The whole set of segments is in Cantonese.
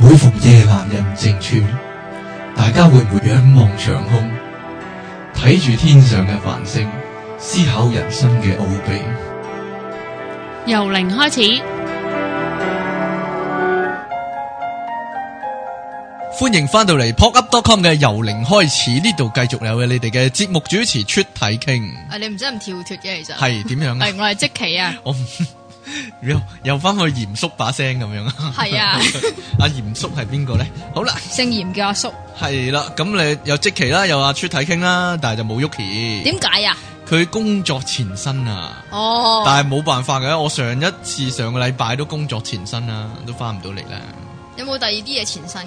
每逢夜闌人靜處，大家會唔會仰望長空，睇住天上嘅繁星，思考人生嘅奧秘？由零開始，歡迎翻到嚟 pokup.com、ok、嘅由零開始呢度，繼續有嘅你哋嘅節目主持出體傾。啊，你唔使咁跳脱嘅，其實係點 樣？係我係積奇啊。又又翻去嚴叔把聲咁樣啊？係 啊，阿嚴叔係邊個咧？好啦，姓嚴嘅阿叔。係啦，咁你又即期啦，又阿、啊、出體傾啦，但係就冇 Yuki。點解啊？佢工作前身啊。哦。但係冇辦法嘅，我上一次上個禮拜都工作前身啦，啊，都翻唔到嚟啦。有冇第二啲嘢前身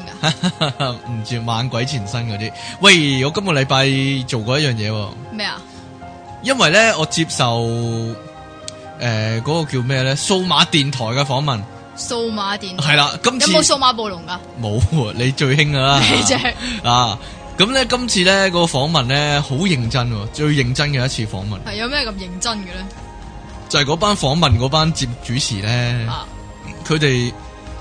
噶？唔 知猛鬼前身嗰啲。喂，我今個禮拜做過一樣嘢。咩啊？麼因為咧，我接受。誒，嗰、呃嗰個叫咩咧？數碼電台嘅訪問，數碼電台，係啦，今次有冇數碼暴龍噶？冇，你最興噶啦。你只 啊，咁咧今次咧，嗰個訪問咧好認真，最認真嘅一次訪問係有咩咁認真嘅咧？就係嗰班訪問嗰班節目主持咧，佢哋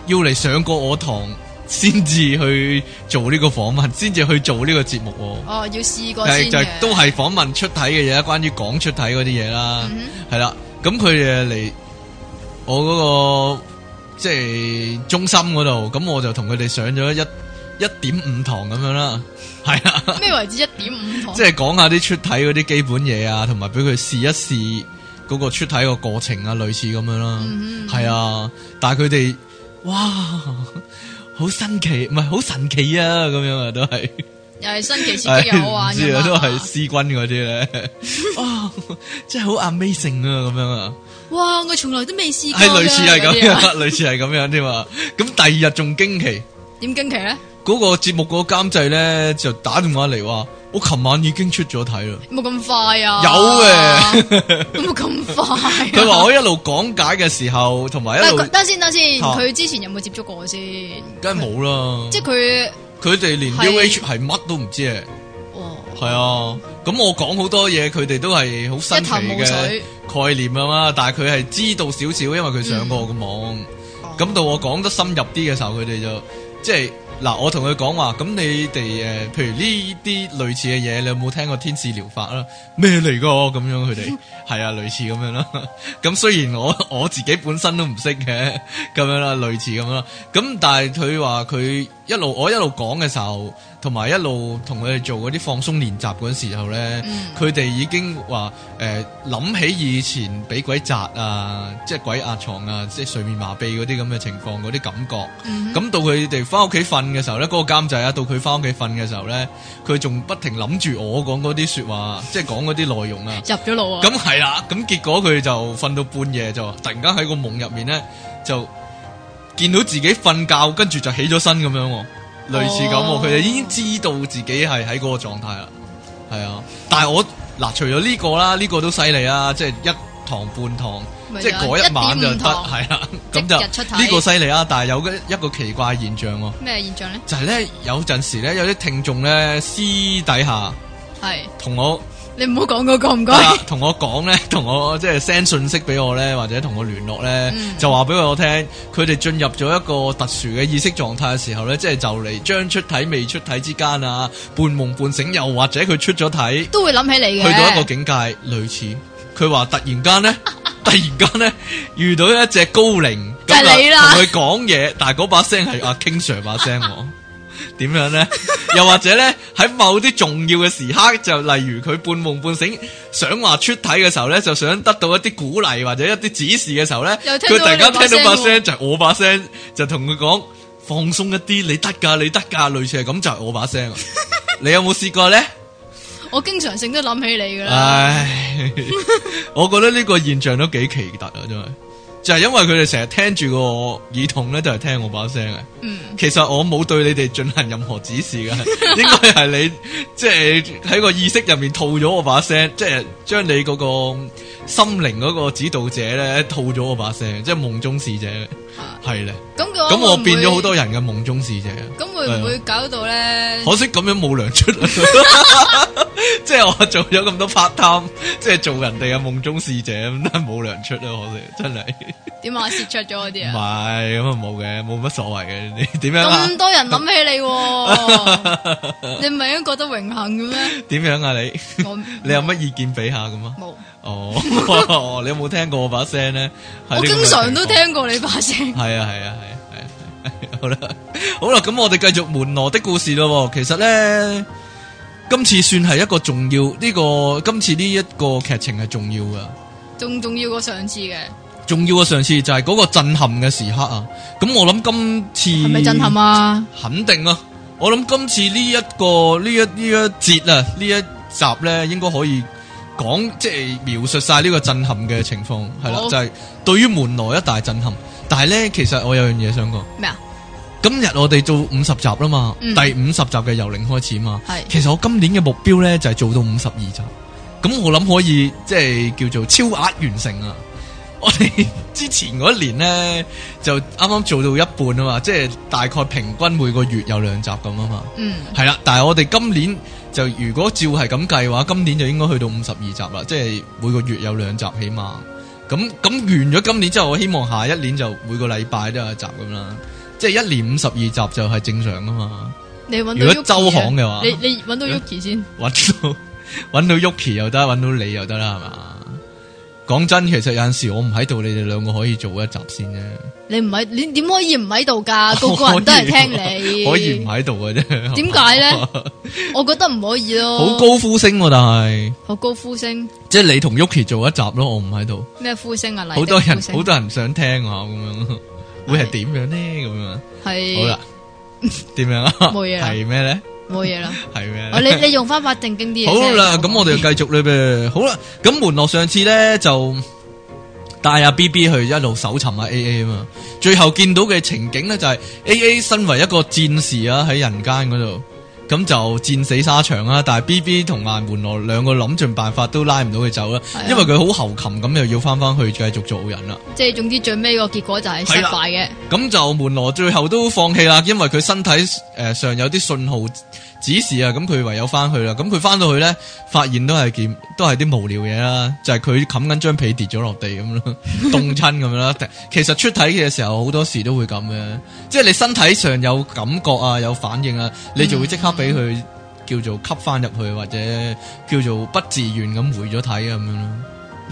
要嚟上過我堂，先至去做呢個訪問，先至去做呢個節目，啊。哦，要試過先嘅，就係、都係訪問出體嘅嘢，關於講出體嗰啲嘢啦，係啦、嗯哼。咁佢誒嚟我嗰、嗰個即係中心嗰度，咁我就同佢哋上咗一一點五堂咁樣啦，係啊。咩為止一點五堂？即係講下啲出體嗰啲基本嘢啊，同埋俾佢試一試嗰個出體個過程啊，類似咁樣啦。係、mm hmm. 啊，但係佢哋哇，好新奇，唔係好神奇啊，咁樣啊都係。又係新奇刺激都有好玩，噶都係施軍嗰啲咧，啊，真係好 amazing 啊！咁樣啊，哇！我從來都未試過，類似係咁樣，類似係咁樣添啊！咁第二日仲驚奇，點驚奇咧？嗰個節目嗰個監製咧就打電話嚟，話，我琴晚已經出咗體啦。冇咁快啊！有嘅。有冇咁快？佢話我一路講解嘅時候，同埋一路，等先，等先，佢之前有冇接觸過我先？梗係冇啦，即係佢。佢哋連 UH 係乜都唔知哇啊，係啊，咁我講好多嘢，佢哋都係好新奇嘅概念啊嘛。但係佢係知道少少，因為佢上過我嘅網。咁、嗯、到我講得深入啲嘅時候，佢哋就即係嗱，我同佢講話，咁你哋誒，譬如呢啲類似嘅嘢，你有冇聽過天使療法啦？咩嚟噶？咁樣佢哋係啊，類似咁樣啦。咁 雖然我我自己本身都唔識嘅，咁樣啦，類似咁樣啦。咁但係佢話佢。一路我一路講嘅時候，同埋一路同佢哋做嗰啲放鬆練習嗰陣時候咧，佢哋、嗯、已經話，誒諗起以前俾鬼扎啊，即係鬼壓床啊，即係睡眠麻痹嗰啲咁嘅情況，嗰啲感覺。咁、嗯、哼到佢哋翻屋企瞓嘅時候咧，嗰、嗰個監製啊，到佢翻屋企瞓嘅時候咧，佢仲不停諗住我講嗰啲說話，即係講嗰啲內容啊。入咗腦啊！咁係啦，咁結果佢就瞓到半夜就，突然間喺個夢入面咧就。見到自己瞓覺，跟住就起咗身咁樣，類似咁，佢哋、oh. 已經知道自己係喺嗰個狀態啦。係啊，但係我嗱，除咗呢個啦，呢個都犀利啊！即係一堂半堂，即係嗰一晚就得，係 1. 5 啊，咁就呢個犀利啊！但係有一個奇怪現象，咩現象咧？就係咧，有陣時咧，有啲聽眾咧私底下係同是我。你唔好講嗰個唔該，同我講咧，同我即係 send 信息俾我咧，或者同我聯絡咧，就話俾我聽，佢哋進入咗一個特殊嘅意識狀態嘅時候咧，即係就嚟將出體未出體之間啊，半夢半醒，又或者佢出咗體，都會諗起你嘅，去到一個境界，類似佢話突然間咧，突然間咧遇到一隻高靈，就係你啦，同佢講嘢，但係嗰把聲係阿 King Sir 把聲。點樣咧？又或者咧，喺 某啲重要嘅時刻，就例如佢半夢半醒，想話出體嘅時候咧，就想得到一啲鼓勵或者一啲指示嘅時候咧，佢聽突然間聽到把聲就係我把聲， 就同佢講，放鬆一啲，你得噶，你得噶，類似係咁，就係我把聲。 你有冇試過咧？我經常性都諗起你噶啦。唉， 我覺得呢個現象都幾奇特啊，真係。就係因為佢哋成日聽住個耳筒咧，就係聽我把聲嘅。嗯、其實我冇對你哋進行任何指示嘅， 應該係你即係喺個意識入面套咗我把聲，即係將你嗰個心靈嗰個指導者咧套咗我把聲，即係夢中使者係咧。咁咁我變咗好多人嘅夢中使者。咁、嗯、會唔會搞到咧？可惜咁樣冇糧出。 即係我做咗咁多 part time，即係做人哋嘅夢中使者，咁都冇糧出啦，我哋真係點啊！蝕出咗嗰啲啊，唔係咁啊，冇嘅，冇乜所謂嘅。你點樣咁多人諗起你？你唔係應該覺得榮幸嘅咩？點樣啊？你我 你有乜意見俾下咁啊？冇我 哦，你有冇聽過我把聲咧？我經 常都聽過你把聲、 哦。係啊係啊係係啊，好啦好啦，咁我哋繼續門羅的故事咯。其實咧。啊今次算係一個重要呢個，今次呢一個劇情係重要噶，仲重要過上次嘅。重要過上次就係嗰個震撼嘅時刻啊！咁我諗今次係咪震撼啊？肯定啊！我諗今次呢、這個、一個呢一呢一節啊呢一集呢，應該可以講即係描述晒呢個震撼嘅情況係啦，就係、是、對於門羅一大震撼。但係呢，其實我有樣嘢想講。咩啊？今日我哋做五十集啦嘛，嗯、第五十集嘅由零開始嘛，是其實我今年嘅目標咧就係、是、做到五十二集，咁我諗可以即係、就是、叫做超額完成啊！我哋 之前嗰一年咧就啱啱做到一半啊嘛，即、就、係、是、大概平均每個月有兩集咁啊嘛，係啦、嗯。但係我哋今年就如果照係咁計嘅話，今年就應該去到五十二集啦，即、就、係、是、每個月有兩集起碼。咁咁完咗今年之後，我希望下一年就每個禮拜都有一集咁啦。即係一年五十二集就係正常噶嘛？你揾到周行嘅話，你你揾到 Yuki 先，揾到到 Yuki 又得，揾到你又得啦，係嘛？講真，其實有陣時我唔喺度，你哋兩個可以做一集先啫。你唔喺，你點可以唔喺度噶？個個人都係聽你，可以唔喺度嘅啫。點解咧？ 我覺得唔可以咯。好 高呼聲喎，但係好高呼聲，即係你同 Yuki 做一集咯，我唔喺度。咩呼聲啊？好多人，好多人想聽啊，咁樣。會係點樣呢？咁是樣係好啦，點樣啊？冇嘢係咩咧？冇嘢啦，係咩？ 哦，你你用翻《法定經啲嘢？好啦，咁我哋就繼續啦噃。好啦，咁門羅上次咧就帶阿 B B 去一路搜尋阿 A A 啊嘛，最後見到嘅情景咧就係、是、A A 身為一個戰士啊喺人間嗰度。咁就戰死沙場啦，但係 B B 同埋門羅兩個諗盡辦法都拉唔到佢走啦，啊、因為佢好猴擒咁又要翻翻去繼續做人啦。即係總之最尾個結果就係失敗嘅。咁、啊、就門羅最後都放棄啦，因為佢身體誒、呃、上有啲信號。指示啊，咁佢唯有翻去啦。咁佢翻到去咧，發現都係件都係啲無聊嘢啦，就係佢冚緊張被跌咗落地咁咯，凍親咁樣啦。其實出體嘅時候好多時都會咁嘅，即係你身體上有感覺啊，有反應啊，你就會即刻俾佢叫做吸翻入去，或者叫做不自願咁回咗體咁樣咯。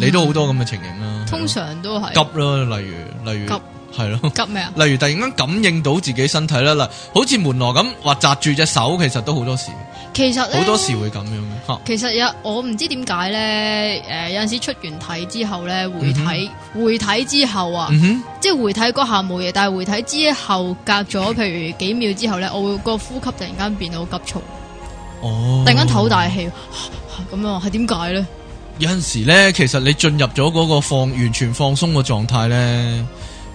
你都好多咁嘅情形啦、啊。嗯啊、通常都係急咯，例如例如。係咯，急咩啊？例如突然間感應到自己身體啦，嗱，好似門羅咁話紮住隻手，其實都好多時。其實好多時會咁樣。其實有我唔知點解咧，誒有陣時出完體之後咧，回體、嗯、哼回體之後啊，嗯、哼即係回體嗰下冇嘢，但係回體之後隔咗譬如幾秒之後咧，我會個呼吸突然間變到急促，哦，突然間唞大氣，咁樣係點解咧？呢有陣時咧，其實你進入咗嗰個放完全放鬆嘅狀態咧。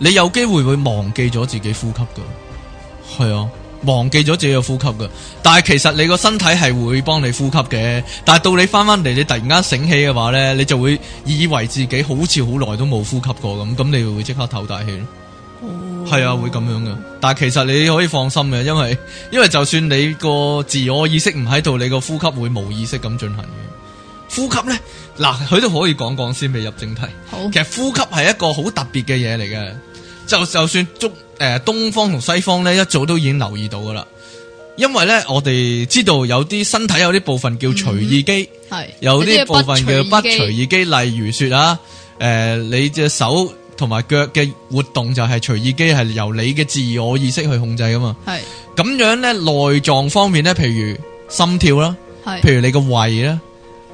你有機會會忘記咗自己呼吸噶，係啊，忘記咗自己呼吸噶。但係其實你個身體係會幫你呼吸嘅。但係到你翻翻嚟，你突然間醒起嘅話呢，你就會以為自己好似好耐都冇呼吸過咁。咁你會即刻透大氣咯。係、哦、啊，會咁樣噶。但係其實你可以放心嘅，因為因為就算你個自我意識唔喺度，你個呼吸會冇意識咁進行嘅。呼吸呢，嗱，佢都可以講講先，未入正題。好其實呼吸係一個好特別嘅嘢嚟嘅。就就算東誒、呃、東方同西方咧，一早都已經留意到噶啦，因為咧我哋知道有啲身體有啲部分叫隨意肌，係、嗯、有啲部分叫不隨意肌，例如說啊，誒、呃、你隻手同埋腳嘅活動就係隨意肌，係由你嘅自我意識去控制噶嘛，係咁是樣咧內臟方面咧，譬如心跳啦，是譬如你個胃咧。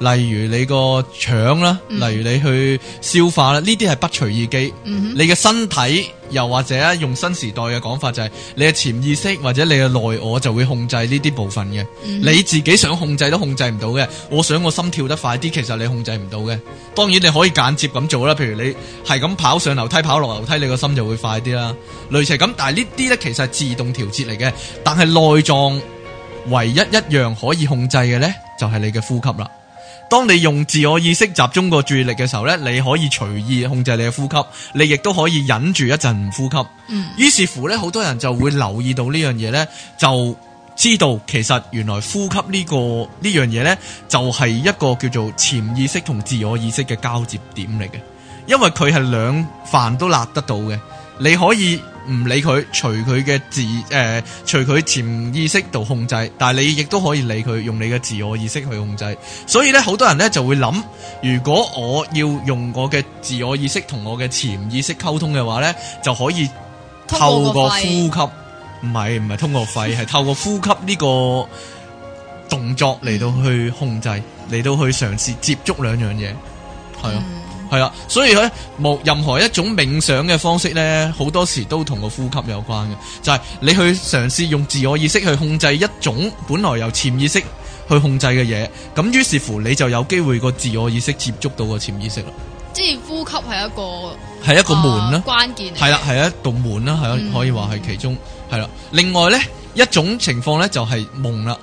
例如你個腸啦，嗯、例如你去消化啦，呢啲係不隨意肌。嗯、哼你嘅身體又或者用新時代嘅講法就係、是、你嘅潛意識或者你嘅內我就會控制呢啲部分嘅。嗯、哼你自己想控制都控制唔到嘅。我想我心跳得快啲，其實你控制唔到嘅。當然你可以間接咁做啦，譬如你係咁跑上樓梯跑落樓梯，你個心就會快啲啦。類似咁，但係呢啲呢，其實係自動調節嚟嘅。但係內臟唯一一樣可以控制嘅呢，就係你嘅呼吸啦。當你用自我意識集中個注意力嘅時候咧，你可以隨意控制你嘅呼吸，你亦都可以忍住一陣呼吸。於、嗯、是乎咧，好多人就會留意到呢樣嘢咧，就知道其實原來呼吸、這個這個、呢個呢樣嘢咧，就係、是、一個叫做潛意識同自我意識嘅交接點嚟嘅，因為佢係兩飯都辣得到嘅，你可以。唔理佢，隨佢嘅自誒，隨佢潛意識度控制。但係你亦都可以理佢，用你嘅自我意識去控制。所以咧，好多人咧就會諗，如果我要用我嘅自我意識同我嘅潛意識溝通嘅話咧，就可以透過呼吸，唔係唔係通過肺，係 透過呼吸呢個動作嚟到去控制，嚟、嗯、到去嘗試接觸兩樣嘢，係。啊、嗯。係啦，所以咧冇任何一種冥想嘅方式呢，好多時都同個呼吸有關嘅，就係、是、你去嘗試用自我意識去控制一種本來由潛意識去控制嘅嘢，咁於是乎你就有機會個自我意識接觸到個潛意識啦。即係呼吸係一個係一個門啦，啊、呃，關鍵係啦，係一道門啦，啊，係可以話係其中，係啦、嗯。另外呢，一種情況呢，就係夢啦。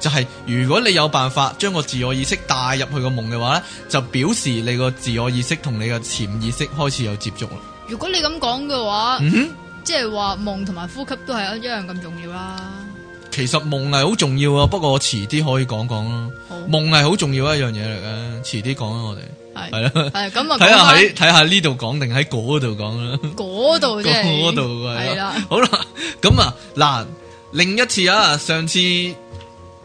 就係、是、如果你有辦法將個自我意識帶入去個夢嘅話咧，就表示你個自我意識同你嘅潛意識開始有接觸啦。如果你咁講嘅話，即係話夢同埋呼吸都係一樣咁重要啦。其實夢係好重要啊，要不過我遲啲可以講講咯。夢係好夢重要一樣嘢嚟嘅，遲啲講啊。我哋係係啦。咁啊，睇下睇下呢度講定喺嗰度講啦。嗰度即係嗰度係啦。那個、看看個個好啦，咁啊嗱，另一次啊，上次。上次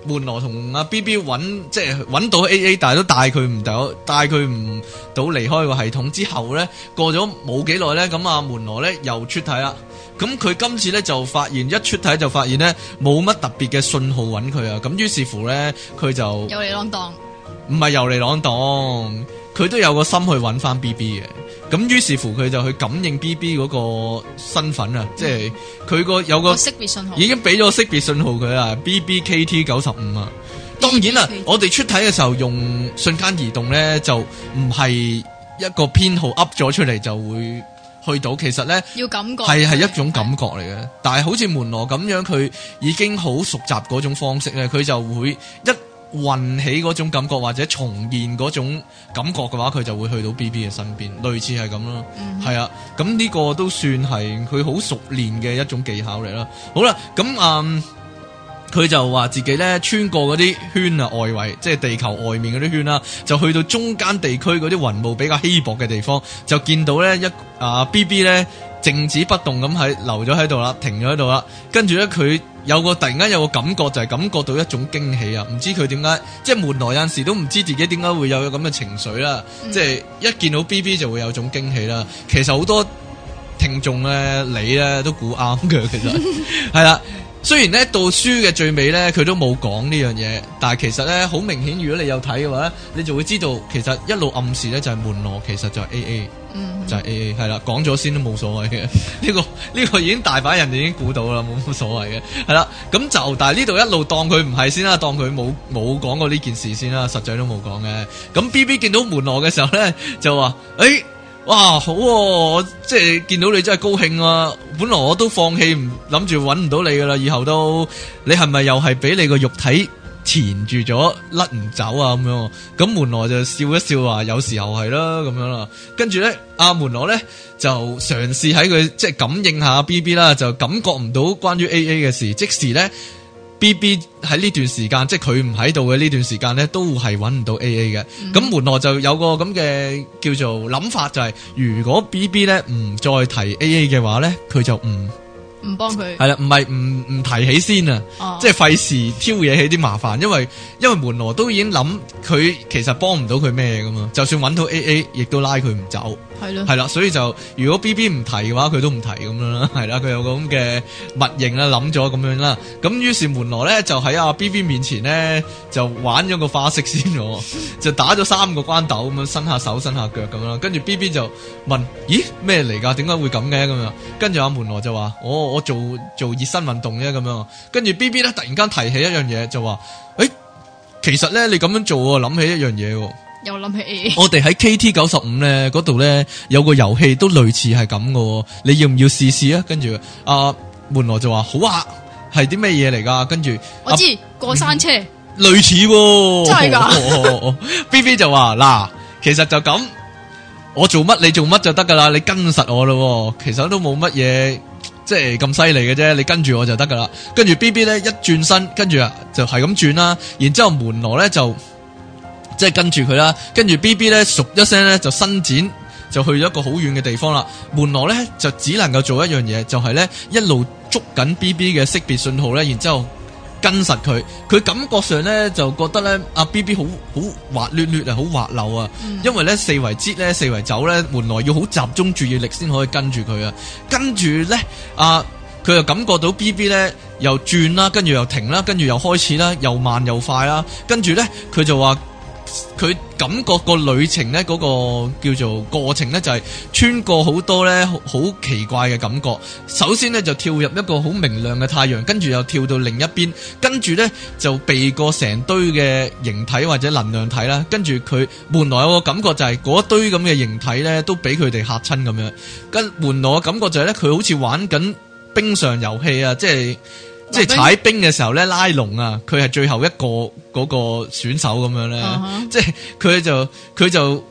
門羅同阿 B B 揾，即係揾到 A A，但係都帶佢唔到，帶佢唔到離開個系統之後咧，過咗冇幾耐咧，咁阿門羅咧又出體啦。咁佢今次咧就發現一出體就發現咧冇乜特別嘅信號揾佢啊。咁於是乎咧，佢就遊嚟浪蕩，唔係遊嚟浪蕩。佢都有個心去搵返 B B 嘅，咁於是乎佢就去感應 B B 嗰個身份啊，嗯、即係佢個有個識別信號，已經俾咗識別信號佢啊，B B K T 九十五啊。當然啦，K 我哋出體嘅時候用瞬間移動咧，就唔係一個編號噏咗出嚟就會去到，其實咧係係一種感覺嚟嘅。的但係好似門羅咁樣，佢已經好熟習嗰種方式咧，佢就會一運起嗰種感覺或者重現嗰種感覺嘅話，佢就會去到 BB 嘅身邊，類似係咁咯。係啊、嗯，咁呢個都算係佢好熟練嘅一種技巧嚟啦。好啦，咁啊。嗯佢就話自己咧穿過嗰啲圈啊，外圍即係地球外面嗰啲圈啦、啊，就去到中間地區嗰啲雲霧比較稀薄嘅地方，就見到咧一啊 B B 咧靜止不動咁喺留咗喺度啦，停咗喺度啦，跟住咧佢有個突然間有個感覺，就係、是、感覺到一種驚喜啊！唔知佢點解，即係門羅有時都唔知自己點解會有咁嘅情緒啦、啊，即係、嗯、一見到 B B 就會有種驚喜啦、啊。其實好多聽眾咧，你咧都估啱嘅，其實係啦。 雖然咧到書嘅最尾咧佢都冇講呢樣嘢，但係其實咧好明顯，如果你有睇嘅話，你就會知道其實一路暗示咧就係、是、門羅其實就係 A A，就係 A A 係啦，講咗先都冇所謂嘅，呢、 這個呢、這個已經大把人哋已經估到啦，冇乜所謂嘅係啦，咁就但係呢度一路當佢唔係先啦，當佢冇冇講過呢件事先啦，實際都冇講嘅，咁 B B 見到門羅嘅時候咧就話誒。欸哇，好、哦！我即係見到你真係高興啊！本來我都放棄，唔諗住搵唔到你噶啦，以後都你係咪又係俾你個肉體纏住咗，甩唔走啊咁樣？咁門羅就笑一笑話：有時候係啦，咁樣啦。跟住咧，阿、啊、門羅咧就嘗試喺佢即係感應下 B B 啦，就感覺唔到關於 A A 嘅事，即時咧。B B 喺呢段時間，即係佢唔喺度嘅呢段時間咧，都係揾唔到 A A 嘅。咁、嗯、哼門羅就有個咁嘅叫做諗法、就是，就係如果 B B 咧唔再提 A A 嘅話咧，佢就唔唔幫佢。係啦，唔係唔唔提起先啊，即係費事挑嘢起啲麻煩。因為因為門羅都已經諗，佢其實幫唔到佢咩㗎嘛。就算揾到 A A，亦都拉佢唔走。係咯，係啦， 所以就如果 B B 唔提嘅話，佢都唔提咁樣啦，係啦，佢有咁嘅默認啦，諗咗咁樣啦，咁於是門羅咧就喺阿、啊、B B 面前咧就玩咗個花式先咯， 就打咗三個關斗咁樣，樣，伸下手，伸下腳咁樣，跟住 B B 就問：咦咩嚟噶？點解會咁嘅？咁樣，跟住阿門羅就話、哦：我我做做熱身運動啫，咁樣。跟住 B B 咧突然間提起一樣嘢，就話：誒、欸，其實咧你咁樣做啊，我諗起一樣嘢。又諗起， 我哋喺 KT 九十五咧嗰度咧有個遊戲都類似係咁嘅，你要唔要試試啊？跟住阿門羅就話，好啊，係啲咩嘢嚟噶？跟住我知過山車、嗯、類似喎、哦，真係噶！B B 就話嗱，其實就咁，我做乜你做乜就得噶啦，你跟實我咯，其實都冇乜嘢，即係咁犀利嘅啫，你跟住我就得噶啦。跟住 B B 咧一轉身，跟住啊就係咁轉啦，然之後門羅咧就。即係跟住佢啦，跟住 B B 咧熟一聲咧就伸展，就去咗一個好遠嘅地方啦。門羅咧就只能夠做一樣嘢，就係、是、咧一路捉緊 B B 嘅識別信號咧，然之後跟實佢。佢感覺上咧就覺得咧啊 B B 好好滑溜溜啊，好滑溜啊。嗯、因為咧四圍折咧四圍走咧，門羅要好集中注意力先可以跟住佢啊。跟住咧啊，佢又感覺到 B B 咧又轉啦，跟住又停啦，跟住又開始啦，又慢又快啦。跟住咧佢就話。佢感覺個旅程呢，嗰個叫做過程呢，就係穿過好多呢好奇怪嘅感覺。首先呢就跳入一個好明亮嘅太陽，跟住又跳到另一邊，跟住呢就避過成堆嘅形體或者能量體啦。跟住佢原來我感覺就係嗰堆咁嘅形體呢都俾佢哋吓親咁樣。跟原來我感覺就係呢佢好似玩緊冰上遊戲啊，即係。即係踩冰嘅時候咧，拉龍啊，佢係最後一個嗰個選手咁樣咧，uh huh. 即係佢就佢就。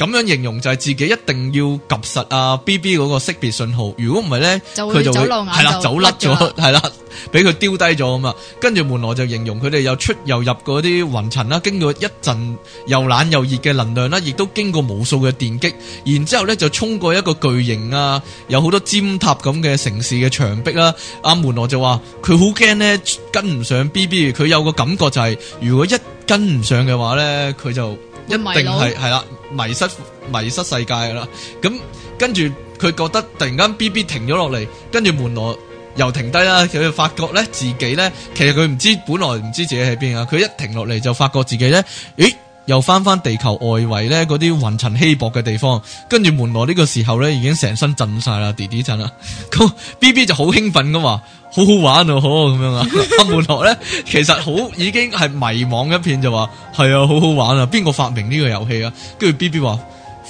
咁樣形容就係自己一定要及實啊 B B 嗰個識別信號，如果唔係呢，佢就係啦就，錯走甩咗，係啦，俾佢丟低咗啊。跟住門羅就形容佢哋又出又入嗰啲雲層啦，經過一陣又冷又熱嘅能量啦，亦都經過無數嘅電擊，然之後呢就衝過一個巨型啊，有好多尖塔咁嘅城市嘅牆壁啦。阿、啊、門羅就話佢好驚呢，跟唔上 B B，佢有個感覺就係、是、如果一跟唔上嘅話呢，佢就。一定係係啦，迷失迷失世界噶啦。咁跟住佢覺得突然間 B B 停咗落嚟，跟住門羅又停低啦。佢就發覺咧，自己咧其實佢唔知，本來唔知自己喺邊啊。佢一停落嚟就發覺自己咧，咦？又翻翻地球外圍咧，嗰啲雲層稀薄嘅地方，跟住門羅呢個時候咧，已經成身震晒啦，跌跌震啦。咁 B B 就好興奮咁嘛，好好玩啊，好咁樣啊。阿 門羅咧，其實好已經係迷茫一片就話，係啊，好好玩啊，邊個發明呢個遊戲啊？跟住 B B 話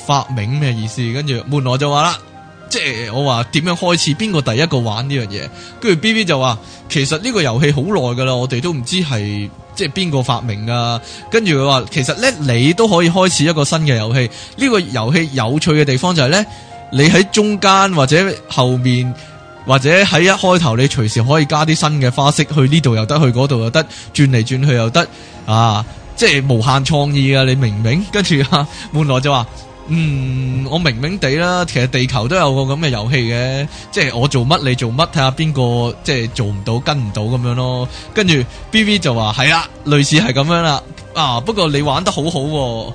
發明咩意思？跟住門羅就話啦，即係 我話點樣開始，邊個第一個玩呢樣嘢？跟住 B B 就話，其實呢個遊戲好耐噶啦，我哋都唔知係。即係邊個發明噶？跟住佢話，其實咧你都可以開始一個新嘅遊戲。呢、這個遊戲有趣嘅地方就係、是、咧，你喺中間或者後面或者喺一開頭，你隨時可以加啲新嘅花式去呢度又得，去嗰度又得，轉嚟轉去又得啊！即係無限創意啊！你明唔明？跟住吓，門、啊、羅就話。嗯，我明明地啦，其實地球都有個咁嘅遊戲嘅，即係我做乜你做乜，睇下邊個即係做唔到跟唔到咁樣咯。跟住 BB 就話係啊，類似係咁樣啦。啊，不過你玩得好好，哦，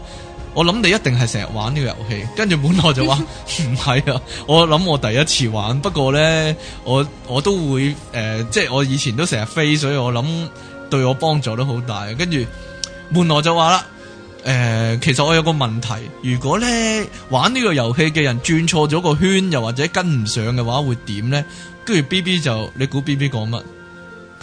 我諗你一定係成日玩呢個遊戲。跟住門羅就話唔係啊，我諗我第一次玩，不過呢，我我都會誒、呃，即係我以前都成日飛，所以我諗對我幫助都好大。跟住門羅就話啦。誒、呃，其實我有個問題，如果咧玩呢個遊戲嘅人轉錯咗個圈，又或者跟唔上嘅話，會點咧？跟住 B B 就，你估 B B 講乜？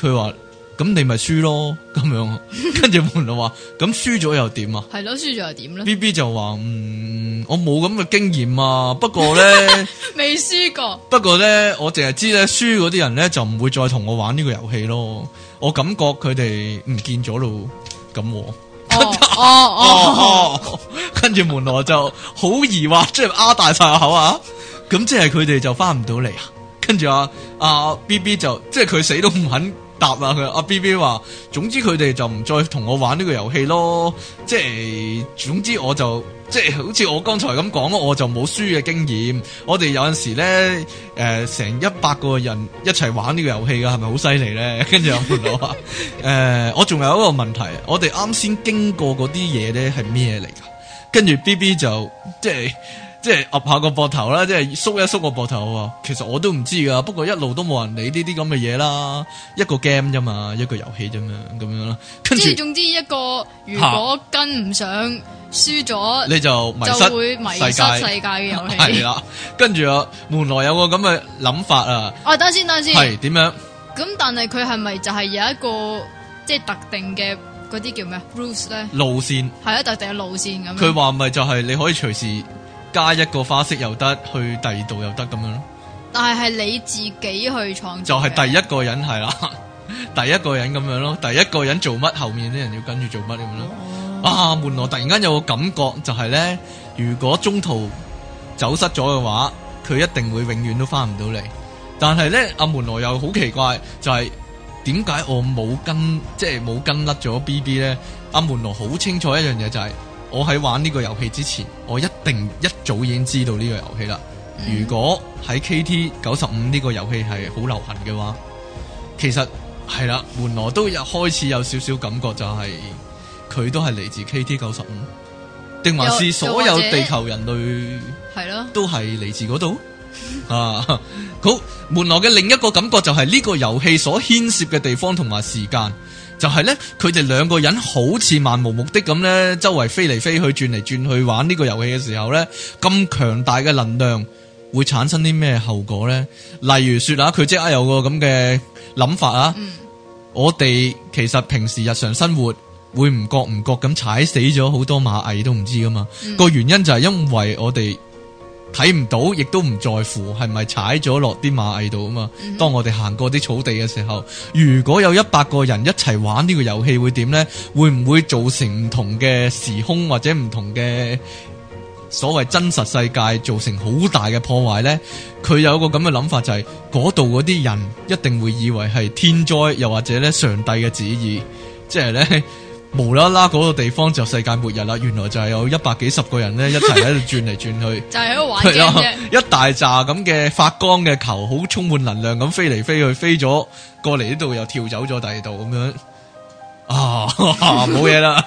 佢話咁你咪輸咯，咁樣。跟住問佢話，咁輸咗又點啊？係咯， 輸咗又點咧？B B 就話，嗯，我冇咁嘅經驗啊，不過咧，未輸 過。不過咧，我淨係知咧，輸嗰啲人咧就唔會再同我玩呢個遊戲咯。我感覺佢哋唔見咗咯，咁。哦 哦哦，跟住、oh, oh, oh. 門羅就好疑惑，即係啊大晒口啊，咁即係佢哋就返唔到嚟啊。跟住啊阿、啊、BB 就即係佢死都唔肯答啊佢。阿 BB 話，總之佢哋就唔再同我玩呢個遊戲咯。即係總之我就。即係好似我剛才咁講，我就冇輸嘅經驗。我哋有陣時咧，誒、呃，成一百個人一齊玩呢個遊戲嘅，係咪好犀利咧？跟住我話，誒，我仲有一個問題，我哋啱先經過嗰啲嘢咧係咩嚟噶？跟住 B B 就即係即係岌下個膊頭啦，即係縮一縮個膊頭啊。其實我都唔知噶，不過一路都冇人理呢啲咁嘅嘢啦，一個 game 啫嘛，一個遊戲啫嘛，咁樣啦。跟住總之一個如果跟唔上、啊。輸咗你就迷失世界嘅遊戲係啦，跟住啊，門內有個咁嘅諗法啊，哦，等先等先係點樣？咁但係佢係咪就係有一個即係、啊就是、特定嘅嗰啲叫咩 route 咧路綫係啊，特定嘅路綫咁樣。佢話唔係就係你可以隨時加一個花式又得，去第二度又得咁樣咯。但係係你自己去創造就係第一個人係啦， 第一個人咁樣咯，第一個人做乜，後面啲人要跟住做乜咁樣咯。哦啊，門羅突然間有個感覺就係、是、呢：如果中途走失咗嘅話，佢一定會永遠都翻唔到嚟。但係呢，阿、啊、門羅又好奇怪，就係點解我冇跟即係冇跟甩咗 BB 呢？阿、啊、門羅好清楚一樣嘢就係、是，我喺玩呢個遊戲之前，我一定一早已經知道呢個遊戲啦。嗯、如果喺 K T 九十五呢個遊戲係好流行嘅話，其實係啦，門羅都有開始有少少感覺就係、是。佢都係嚟自 K T 九十五，定還是所有地球人類係咯？都係嚟自嗰度啊！好，門羅嘅另一個感覺就係呢個遊戲所牽涉嘅地方同埋時間，就係咧佢哋兩個人好似漫無目的咁咧，周圍飛嚟飛去、轉嚟轉去玩呢個遊戲嘅時候咧，咁強大嘅能量會產生啲咩後果咧？例如說啊，佢即刻有個咁嘅諗法啊，嗯、我哋其實平時日常生活。會唔覺唔覺咁踩死咗好多螞蟻都唔知噶嘛？個、嗯、原因就係因為我哋睇唔到，亦都唔在乎係咪踩咗落啲螞蟻度啊嘛。嗯、當我哋行過啲草地嘅時候，如果有一百個人一齊玩呢個遊戲會點呢？會唔會造成唔同嘅時空或者唔同嘅所謂真實世界造成好大嘅破壞呢？佢有一個咁嘅諗法就係嗰度嗰啲人一定會以為係天災，又或者咧上帝嘅旨意，即係咧。無啦啦嗰個地方就世界末日啦！原來就係有一百幾十個人咧一齊喺度轉嚟轉去， 就係喺度玩。係啊，一大紮咁嘅發光嘅球，好充滿能量咁飛嚟飛去，飛咗過嚟呢度又跳走咗第二度咁樣啊！冇嘢啦。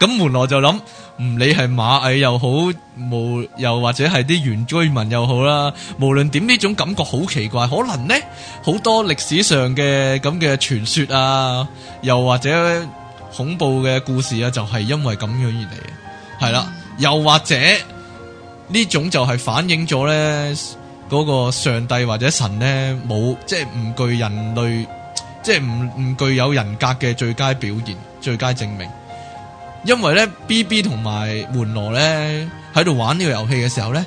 咁 門羅就諗，唔理係螞蟻又好，無又或者係啲原居民又好啦，無論點呢種感覺好奇怪，可能呢好多歷史上嘅咁嘅傳說啊，又或者。恐怖嘅故事啊，就係因為咁樣而嚟嘅，係啦，又或者呢種就係反映咗咧嗰個上帝或者神咧，冇即係唔具人類，即係唔唔具有人格嘅最佳表現、最佳證明。因為咧，BB 同埋門羅咧，喺度玩呢個遊戲嘅時候咧，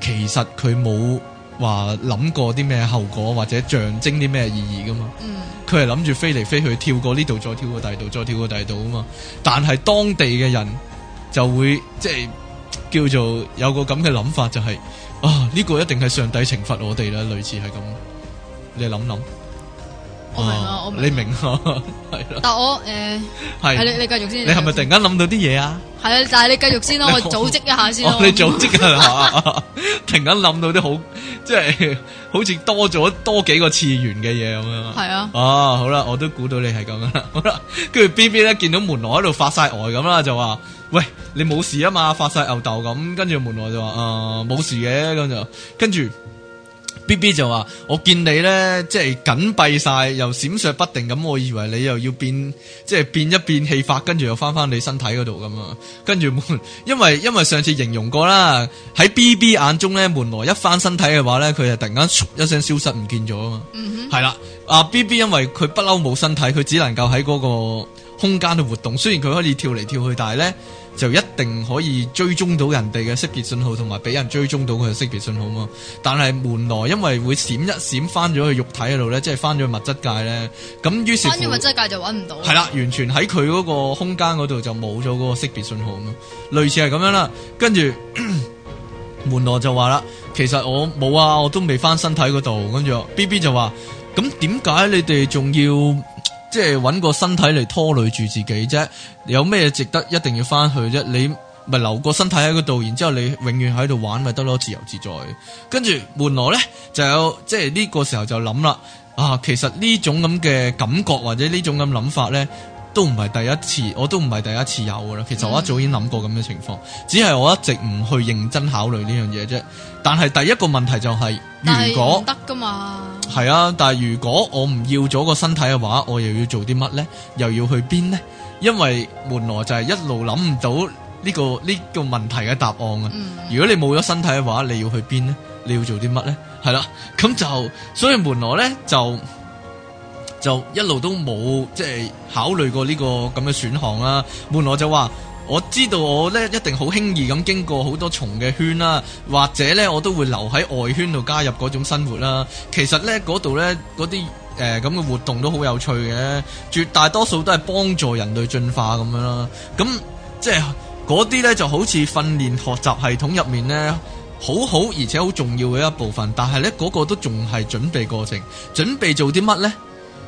其實佢冇。話諗過啲咩後果或者象徵啲咩意義噶嘛？嗯。佢係諗住飛嚟飛去，跳過呢度再跳過第二度，再跳過第二度啊嘛。但係當地嘅人就會即係、就係、叫做有個咁嘅諗法、就係，就係啊呢、呢個一定係上帝懲罰我哋啦，類似係咁。你諗諗。我明啊，我明啊，係咯。但我誒，係你你繼續先。你係咪突然間諗到啲嘢啊？係啊，但係你繼續先咯，我組織一下先。你組織噶啦，突然間諗到啲好，即係好似多咗多幾個次元嘅嘢咁樣。係啊。哦，好啦，我都估到你係咁樣啦。好啦，跟住 BB 咧見到門羅喺度發晒呆咁啦，就話：喂，你冇事啊嘛？發晒吽哣咁。跟住門羅就話：啊，冇事嘅咁就。跟住。B B 就話：我見你呢，即係緊閉晒，又閃爍不定咁，我以為你又要變，即係變一變戲法，跟住又翻翻你身體嗰度咁啊！跟住門，因為因為上次形容過啦，喺 B B 眼中呢，門羅一翻身體嘅話呢，佢就突然間一聲消失唔見咗啊！嘛、嗯哼，係啦，阿 B B 因為佢不嬲冇身體，佢只能夠喺嗰個空間度活動，雖然佢可以跳嚟跳去，但係呢。就一定可以追蹤到人哋嘅識別信號，同埋俾人追蹤到佢嘅識別信號嘛。但係門羅因為會閃一閃翻咗去肉體嗰度咧，即係翻咗去物質界咧，咁於是翻咗物質界就搵唔到。係啦，完全喺佢嗰個空間嗰度就冇咗嗰個識別信號咯。類似係咁樣啦。跟住 門羅就話啦，其實我冇啊，我都未翻身體嗰度。跟住 B B 就話，咁點解你哋仲要？即係揾個身體嚟拖累住自己啫，有咩值得一定要翻去啫？你咪留個身體喺嗰度，然之後你永遠喺度玩咪得咯，自由自在。跟住門羅咧，就有即係呢個時候就諗啦，啊，其實呢種咁嘅感覺或者這種這呢種咁諗法咧。都唔係第一次，我都唔係第一次有噶啦。其實我一早已經諗過咁嘅情況，嗯、只係我一直唔去認真考慮呢樣嘢啫。但係第一個問題就係、係，如果得噶嘛，係啊。但係如果我唔要咗個身體嘅話，我又要做啲乜呢？又要去邊呢？因為門羅就係一路諗唔到呢、呢個呢、呢個問題嘅答案啊。嗯、如果你冇咗身體嘅話，你要去邊呢？你要做啲乜呢？係啦、啊，咁就所以門羅呢就。就一路都冇即係考慮過呢、這個咁嘅選項啦、啊。門羅就話我知道我咧一定好輕易咁經過好多重嘅圈啦、啊，或者咧我都會留喺外圈度加入嗰種生活啦、啊。其實咧嗰度咧嗰啲誒咁嘅活動都好有趣嘅，絕大多數都係幫助人類進化咁樣啦。咁即係嗰啲咧就好似訓練學習系統入面咧好好而且好重要嘅一部分，但係咧嗰個都仲係準備過程，準備做啲乜咧？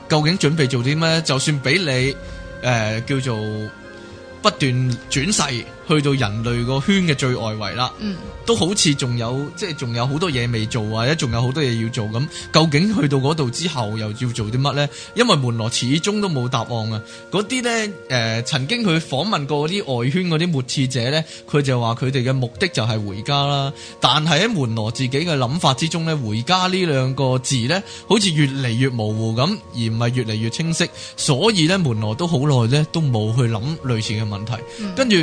究竟準備做啲咩？就算畀你，誒、呃、叫做不斷轉世。去到人類個圈嘅最外圍啦，嗯、都好似仲有即係仲有好多嘢未做或者仲有好多嘢要做咁。究竟去到嗰度之後又要做啲乜呢？因為門羅始終都冇答案啊。嗰啲呢，誒、呃，曾經佢訪問過嗰啲外圈嗰啲末次者呢，佢就話佢哋嘅目的就係回家啦。但係喺門羅自己嘅諗法之中呢，「回家」呢兩個字呢，好似越嚟越模糊咁，而唔係越嚟越清晰。所以呢，門羅都好耐呢，都冇去諗類似嘅問題。嗯、跟住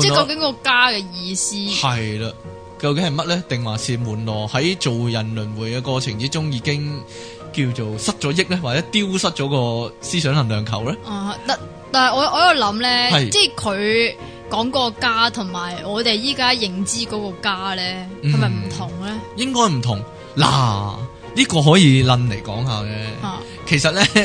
即係究竟個家嘅意思係啦？究竟係乜咧？定還是門羅喺做人輪回嘅過程之中，已經叫做失咗憶咧，或者丟失咗個思想能量球咧？啊，但但係我我喺度諗咧，是即係佢講個家同埋我哋依家認知嗰個家咧，係咪唔同咧？應該唔同。嗱，呢、這個可以論嚟講下嘅。啊、其實咧，誒、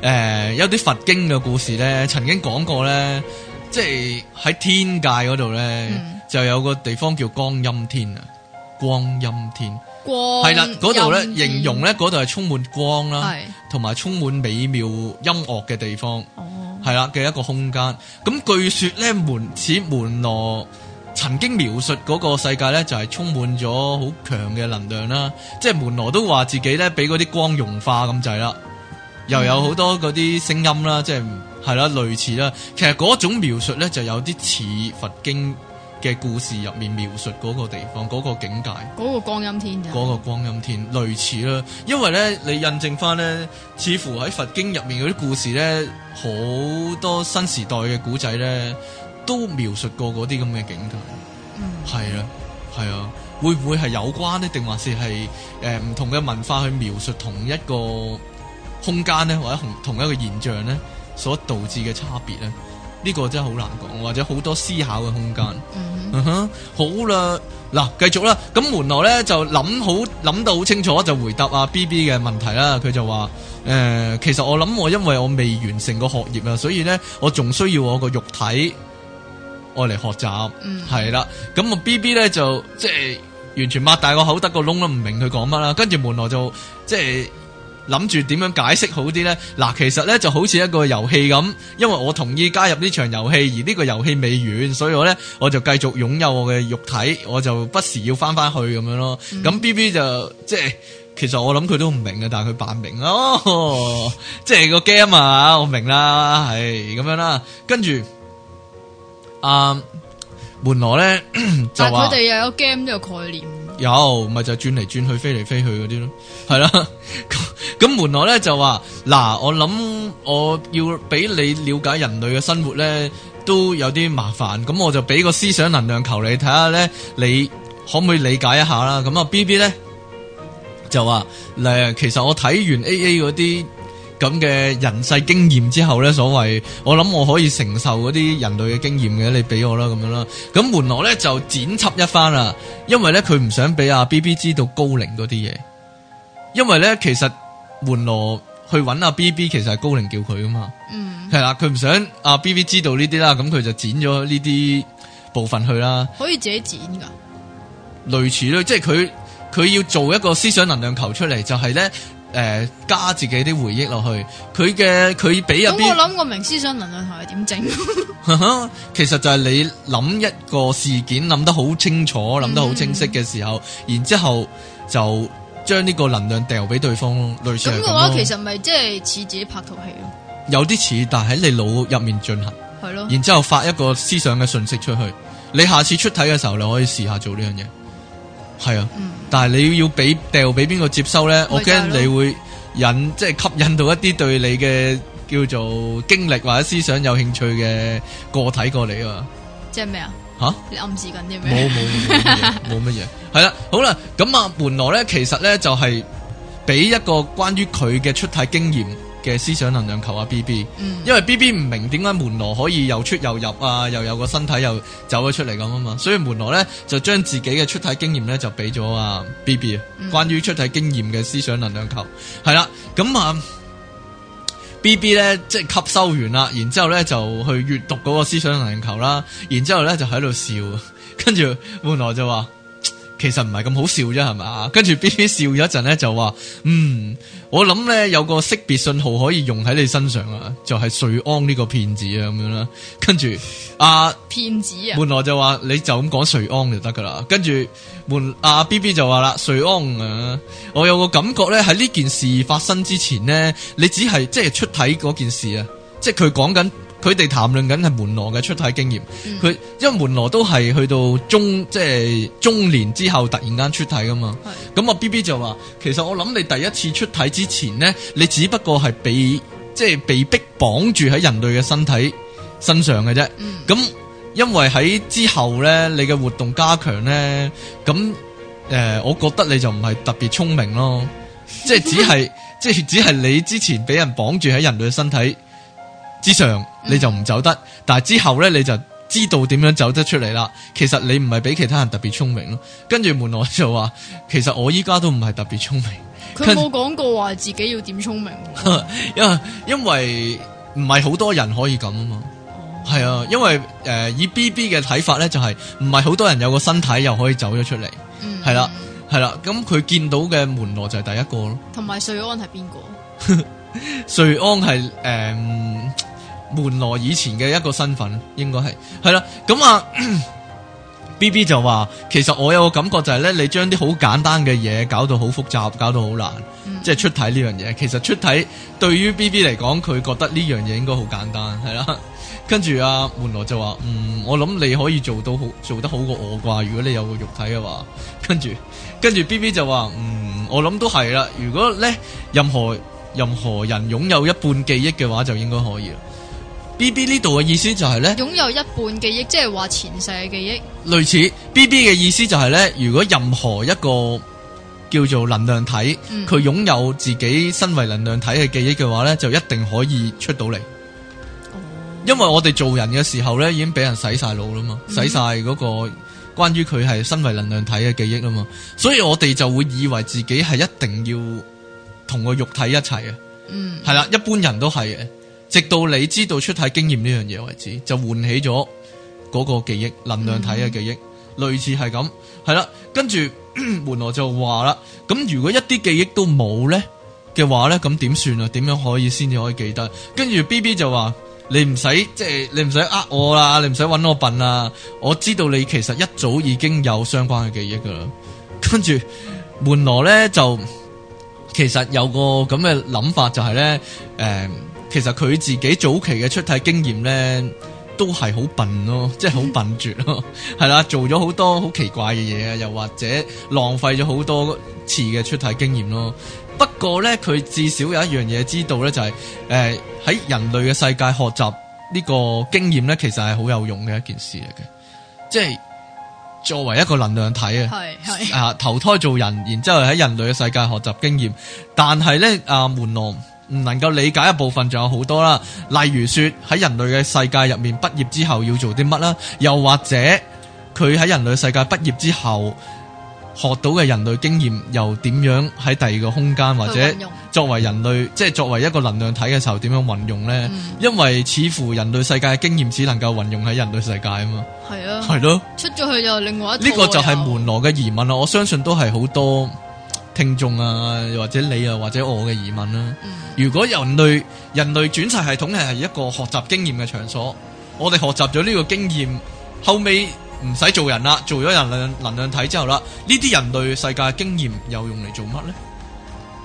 呃，有啲佛經嘅故事咧，曾經講過咧。即係喺天界嗰度咧，嗯、就有個地方叫光音天啊！光音天，係啦陰，嗰度咧形容咧，嗰度係充滿光啦，同埋是充滿美妙音樂嘅地方，係啦嘅一個空間。咁據說咧，門似門羅曾經描述嗰個世界咧，就係、是、充滿咗好強嘅能量啦。即係門羅都話自己咧，俾嗰啲光融化咁滯啦，又有好多嗰啲聲音啦，即係、嗯。嗯係啦，類似啦，其實嗰種描述咧，就有啲似佛經嘅故事入面描述嗰個地方、嗰個境界。嗰個光陰天啊。嗰個光陰天，類似啦，因為咧，你印證翻咧，似乎喺佛經入面嗰啲故事咧，好多新時代嘅古仔咧，都描述過嗰啲咁嘅境界。嗯。係啊，係啊，會唔會係有關呢？定還是係誒唔同嘅文化去描述同一個空間咧，或者同同一個現象咧？所導致嘅差別咧，呢、這個真係好難講，或者好多思考嘅空間。嗯哼、mm，hmm. uh huh. 好啦，嗱，繼續啦。咁門羅咧就諗好，諗得好清楚就回答阿 B B 嘅問題啦。佢就話：誒、呃，其實我諗我因為我未完成個學業啊，所以咧我仲需要我個肉體，我嚟學習。嗯、mm，係、hmm. 啦。咁啊 B B 咧就即係完全擘大個口得個窿都唔明佢講乜啦。跟住門羅就即係。諗住點樣解釋好啲咧？嗱，其實咧就好似一個遊戲咁，因為我同意加入呢場遊戲，而呢個遊戲未完，所以我咧我就繼續擁有我嘅肉體，我就不時要翻翻去咁樣咯。咁 B B 就即係，其實我諗佢都唔明嘅，但係佢扮明咯、哦，即係個 game 啊，我明啦，係，咁樣啦。跟住啊門羅咧就佢哋又有 game 呢個概念？有，咪就轉嚟轉去，飛嚟飛去嗰啲咯，係 啦。咁咁，門羅咧就話，嗱，我諗我要俾你了解人類嘅生活咧，都有啲麻煩。咁我就俾個思想能量球你睇下咧，你可唔可以理解一下 BB 呢啦？咁啊，B B 咧就話，誒，其實我睇完 A A 嗰啲。咁嘅人世經驗之後咧，所謂我諗我可以承受嗰啲人類嘅經驗嘅，你俾我啦咁樣啦。咁門羅咧就剪輯一番啦，因為咧佢唔想俾阿 B B 知道高靈嗰啲嘢，因為咧其實門羅去揾阿 B B 其實係高靈叫佢㗎嘛，係啦，嗯，佢唔想阿 B B 知道呢啲啦，咁佢就剪咗呢啲部分去啦。可以自己剪㗎，類似咧，即係佢佢要做一個思想能量球出嚟，就係、是、咧。誒、呃，加自己啲回憶落去，佢嘅佢俾入邊。咁、嗯、我諗我明思想能量台係點整。 其實就係你諗一個事件諗得好清楚，諗得好清晰嘅時候，嗯嗯、然之後就將呢個能量掉俾對方咯。類似咁嘅話，其實咪即係似自己拍套戲咯。有啲似，但係喺你腦入面進行。係咯的。然之後發一個思想嘅訊息出去，你下次出體嘅時候，你可以試下做呢樣嘢。係啊，嗯、但係你要俾掉俾邊個接收咧？我驚你會引即係吸引到一啲對你嘅叫做經歷或者思想有興趣嘅個體過嚟啊！即係咩啊？吓，你暗示緊啲咩？冇冇冇乜嘢。係啦、 啊，好啦，咁啊，門羅咧，其實咧就係、係、俾一個關於佢嘅出體經驗。嘅思想能量球啊，B B，因為 B B 唔明點解門羅可以又出又入啊，又有個身體又走咗出嚟咁啊嘛，所以門羅咧就將自己嘅出體經驗咧就俾咗啊 B B，、嗯、關於出體經驗嘅思想能量球，係啦，咁啊 B B 咧即係吸收完啦，然之後咧就去閱讀嗰個思想能量球啦，然之後咧就喺度笑，跟住門羅就話。其實唔係咁好笑啫，係嘛？跟住 B B 笑咗一陣咧，就話嗯，我諗咧有個識別信號可以用喺你身上啊，就係瑞安呢個騙子啊咁樣啦。跟住阿騙子啊，門羅就話你就咁講瑞安就得噶啦。跟住門阿 B B 就話啦，瑞安啊，我有個感覺咧，喺呢件事發生之前呢，你只係即係出體嗰件事啊，即係佢講緊。佢哋談論緊係門羅嘅出體經驗，佢、嗯、因為門羅都係去到中即係、就是、中年之後突然間出體噶嘛，咁啊 B B 就話，其實我諗你第一次出體之前呢，你只不過係被即係、就是、被逼綁住喺人類嘅身體身上嘅啫，咁、嗯、因為喺之後呢，你嘅活動加強呢，咁誒、呃，我覺得你就唔係特別聰明咯，即、就、係、是、只係即係只係、就是、你之前俾人綁住喺人類嘅身體。之上你就唔走得，但係之後咧你就知道點樣走得出嚟啦。其實你唔係比其他人特別聰明咯。跟住門羅就話，其實我依家都唔係特別聰明。佢冇講過話自己要點聰明。 因，因因為唔係好多人可以咁啊嘛。係、嗯、啊，因為誒、呃、以 B B 嘅睇法咧、就是，就係唔係好多人有個身體又可以走咗出嚟。係啦係啦，咁佢、啊嗯啊啊、見到嘅門羅就係第一個咯。同埋瑞安係邊個？ 瑞安係誒。嗯門羅以前嘅一個身份，應該係係啦。咁啊，B B 就話，其實我有個感覺就係咧，你將啲好簡單嘅嘢搞到好複雜，搞到好難，嗯、即係出體呢樣嘢。其實出體對於 B B 嚟講，佢覺得呢樣嘢應該好簡單，係啦。跟住啊，門羅就話，嗯，我諗你可以做到好，做得好過我啩。如果你有個肉體嘅話，跟住跟住 B B 就話，嗯，我諗都係啦。如果咧任何任何人擁有一半記憶嘅話，就應該可以啦。B B 呢度嘅意思就係呢，擁有一半記憶，即係話前世嘅記憶。就是、記憶類似 B B 嘅意思就係、是、呢：如果任何一個叫做能量體，佢擁、嗯、有自己身為能量體嘅記憶嘅話呢，就一定可以出到嚟。哦、因為我哋做人嘅時候呢，已經俾人洗晒腦啦嘛，洗晒嗰個關於佢係身為能量體嘅記憶啦嘛，所以我哋就會以為自己係一定要同個肉體一齊嘅。嗯，係啦，一般人都係。直到你知道出體經驗呢樣嘢為止，就喚起咗嗰個記憶能量體嘅記憶，嗯、類似係咁，係啦，跟住門羅就話啦，咁如果一啲記憶都冇咧嘅話咧，咁點算啊？點樣可以先至可以記得？跟住 BB 就話你唔使即係你唔使呃我啦，你唔使搵我笨啦，我知道你其實一早已經有相關嘅記憶噶啦。跟住門羅咧就其實有個咁嘅諗法就係、是、咧，誒、嗯。其實佢自己早期嘅出體經驗咧，都係好笨咯，即係好笨拙咯，係啦、嗯， 做咗好多好奇怪嘅嘢啊，又或者浪費咗好多次嘅出體經驗咯。不過呢，佢至少有一樣嘢知道呢，就係誒喺人類嘅世界學習呢個經驗呢，其實係好有用嘅一件事嚟嘅，即係作為一個能量體啊，係係，啊，投胎做人，然之後喺人類嘅世界學習經驗，但係呢，啊門羅。唔能夠理解一部分，仲有好多啦。例如說，說喺人類嘅世界入面畢業之後要做啲乜啦，又或者佢喺人類世界畢業之後學到嘅人類經驗，又點樣喺第二個空間或者作為人類，即係作為一個能量體嘅時候，點樣運用呢？嗯、因為似乎人類世界嘅經驗只能夠運用喺人類世界啊嘛。係啊，係咯的，出咗去又另外一個。呢個就係門羅嘅疑問啦。有我相信都係好多聽眾啊，又或者你啊，或者我嘅疑問啦、啊。嗯、如果人類人類轉世系統係係一個學習經驗嘅場所，我哋學習咗呢個經驗，後尾唔使做人啦，做咗能量能量體之後啦，呢啲人類世界經驗又用嚟做乜呢？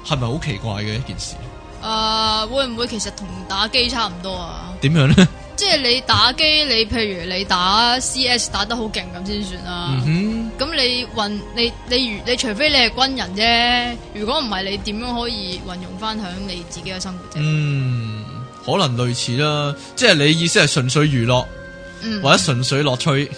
係咪好奇怪嘅一件事？誒、呃，會唔會其實同打機差唔多啊？點樣呢？即係你打機，你譬如你打 C S 打得好勁咁先算啊？嗯咁你運你你如你除非你係軍人啫，如果唔係你點樣可以運用翻喺你自己嘅生活啫？嗯，可能類似啦，即係你意思係純粹娛樂，嗯、或者純粹樂趣，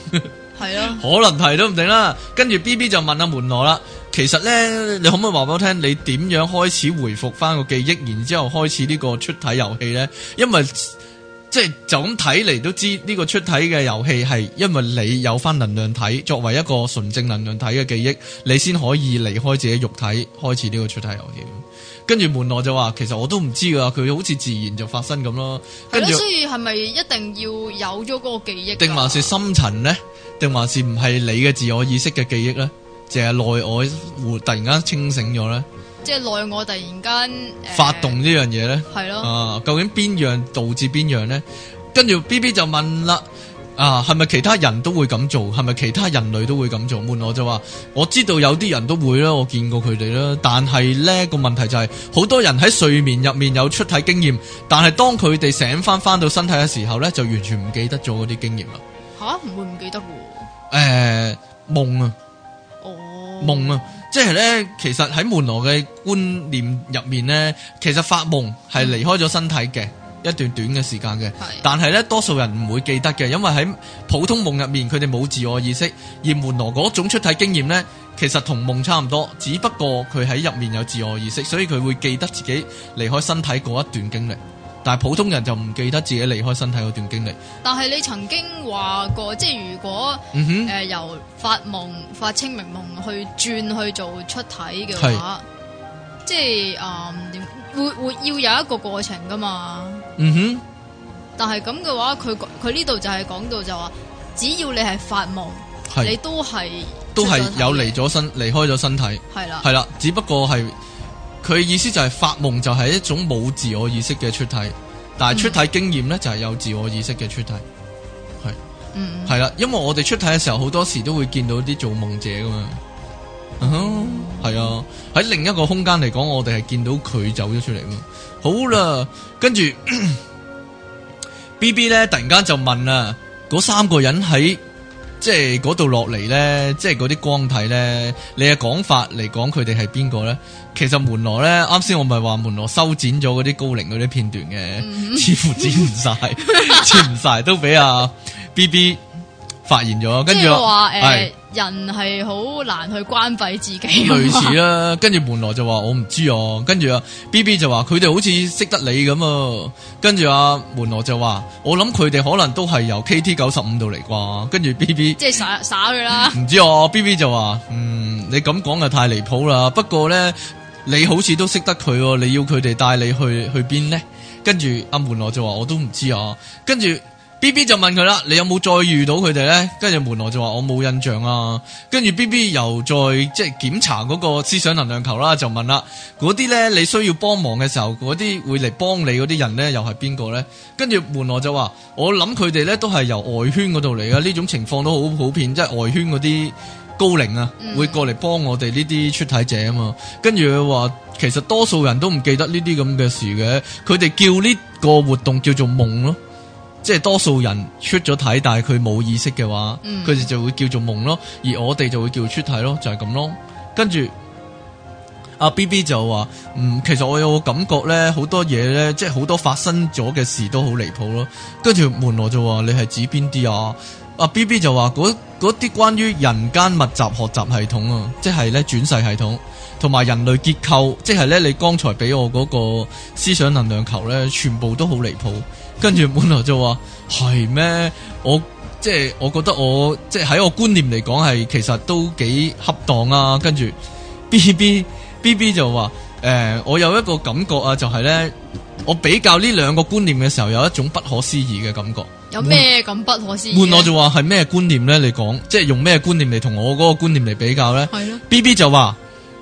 係咯？可能係都唔定啦。跟住 B B 就問阿、啊、門羅啦，其實咧，你可唔可以話俾我聽，你點樣開始回復翻個記憶，然之後開始呢個出體遊戲咧？因為即係就咁睇嚟，都知呢個出體嘅遊戲係因為你有翻能量體作為一個純正能量體嘅記憶，你先可以離開自己肉體開始呢個出體遊戲。跟住門羅就話，其實我都唔知㗎，佢好似自然就發生咁咯。係咯，所以係咪一定要有咗嗰個記憶？定還是深層呢？定還是唔係你嘅自我意識嘅記憶呢？淨係內外活突然間清醒咗呢。即係內我突然間、呃、發動呢樣嘢呢？係咯的、啊，究竟邊樣導致邊樣呢？跟住 BB 就問啦，啊，係咪其他人都會咁做？係咪其他人類都會咁做？咁我就話我知道有啲人都會啦，我見過佢哋啦，但係呢個問題就係、是、好多人喺睡眠入面有出體經驗，但係當佢哋醒翻翻到身體嘅時候呢，就完全唔記得咗嗰啲經驗啦。吓，唔會唔記得嘅？誒，夢啊，欸、夢啊哦，夢啊。即係咧，其實喺門羅嘅觀念入面呢，其實發夢係離開咗身體嘅一段短嘅時間嘅。是但係咧，多數人唔會記得嘅，因為喺普通夢入面，佢哋冇自我意識；而門羅嗰種出體經驗呢，其實同夢差唔多，只不過佢喺入面有自我意識，所以佢會記得自己離開身體嗰一段經歷。但係普通人就唔記得自己離開身體嗰段經歷。但係你曾經話過，即係如果誒、嗯哼呃、由發夢、發清明夢去轉去做出體嘅話，是即係誒會會要有一個過程㗎嘛。嗯哼。但係咁嘅話，佢佢呢度就係講到就話，只要你係發夢，是你都係都係有離咗身、離開咗身體。係啦的，係啦的，只不過係。佢嘅意思就係、是、發夢就係一種冇自我意識嘅出體，但係出體經驗咧就係有自我意識嘅出、出體。係、嗯，係啦、嗯，因為我哋出體嘅時候好多時都會見到啲做夢者噶嘛。嗯、uh，係、huh, 啊，喺另一個空間嚟講，我哋係見到佢走咗出嚟咯。好啦，跟住 B B 咧突然間就問啦，嗰三個人喺即係嗰度落嚟咧，即係嗰啲光體咧，你嘅講法嚟講，佢哋係邊個咧？其實門羅咧，啱先我唔係話門羅修剪咗嗰啲高靈嗰啲片段嘅，嗯、似乎剪唔晒， 剪唔晒都俾阿、啊、B B。發現咗，跟住係、呃、是人係好難去關閉自己。類似啦，跟住門羅就話我唔知哦，跟住啊 B B 就話佢哋好似識得你咁啊，跟住阿、啊啊、門羅就話我諗佢哋可能都係由 K T 九十五度嚟啩，跟住 B B 即係耍耍佢啦。唔、嗯、知哦、啊、，B B 就話嗯，你咁講就太離譜啦。不過咧，你好似都識得佢、啊，你要佢哋帶你去去邊呢？跟住阿、啊、門羅就話我都唔知啊。跟」跟住。B B 就問佢啦，你有冇再遇到佢哋呢？跟住門羅就話我冇印象啊。跟住 B B 又再即係檢查嗰個思想能量球啦，就問啦，嗰啲呢？你需要幫忙嘅時候，嗰啲會嚟幫你嗰啲人呢？又係邊個呢？」跟住門羅就話，我諗佢哋呢都係由外圈嗰度嚟啊。呢種情況都好普遍，即係外圈嗰啲高靈啊，嗯、會過嚟幫我哋呢啲出體者啊嘛。跟住佢話，其實多數人都唔記得呢啲咁嘅事嘅，佢哋叫呢個活動叫做夢咯。即係多數人出咗體，但係佢冇意識嘅話，佢哋，嗯、就會叫做夢咯，而我哋就會叫出體咯，就係、是、咁咯。跟住阿，啊、B B 就話，嗯，其實我有個感覺咧，好多嘢咧，即係好多發生咗嘅事都好離譜咯。跟住門羅就話，你係指邊啲啊？阿，啊、B B 就話，嗰啲關於人間密集學習系統啊，即係咧轉世系統。同埋人類結構，即係咧，你剛才俾我嗰個思想能量球咧，全部都好離譜。跟住換我就話係咩？我即係我覺得我即係喺我觀念嚟講係，其實都幾恰當啊。跟住 B B B B 就話誒、呃，我有一個感覺啊，就係、是、咧，我比較呢兩個觀念嘅時候，有一種不可思議嘅感覺。有咩咁不可思議？換、啊、我就話係咩觀念咧？你講，即係用咩觀念嚟同我嗰個觀念嚟比較咧？係咯是的。B B 就話。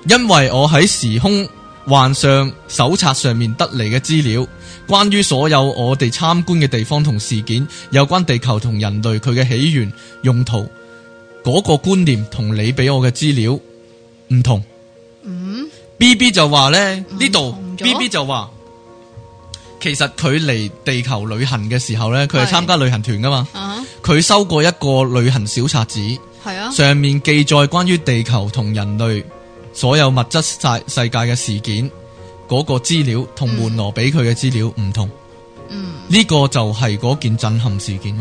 因為我喺時空幻上手冊上面得嚟嘅資料，關於所有我哋參觀嘅地方同事件，有關地球同人類佢嘅起源用途嗰個觀念，同你俾我嘅資料唔同。嗯，B B 就話咧，呢度，B B 就話，其實佢嚟地球旅行嘅時候咧，佢係參加旅行團噶嘛。佢的收過一個旅行小冊子，的上面記載關於地球同人類。所有物質世界嘅事件，嗰個資料同門羅俾佢嘅資料唔同，呢個就係嗰件震撼事件。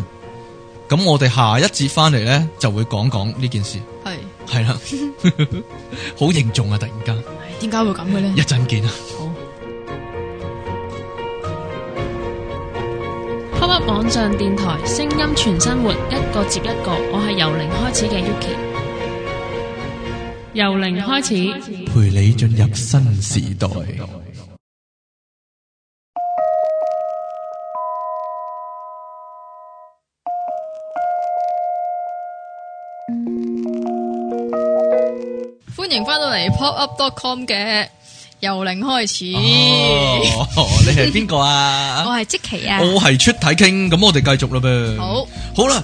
咁我哋下一節翻嚟呢，就會講講呢件事。係係啦，好凝重啊！突然間，點解會咁嘅呢？一陣見啊！好，波波網上電台，聲音全生活，一個接一個，我係由零開始嘅 Yuki。由零開始，陪你進入新時代。歡迎翻到嚟 pop up dot com 嘅由零開始。開始哦，你係邊個啊？ 我係積奇啊。我係出體傾，咁我哋繼續啦噃。好，好啦，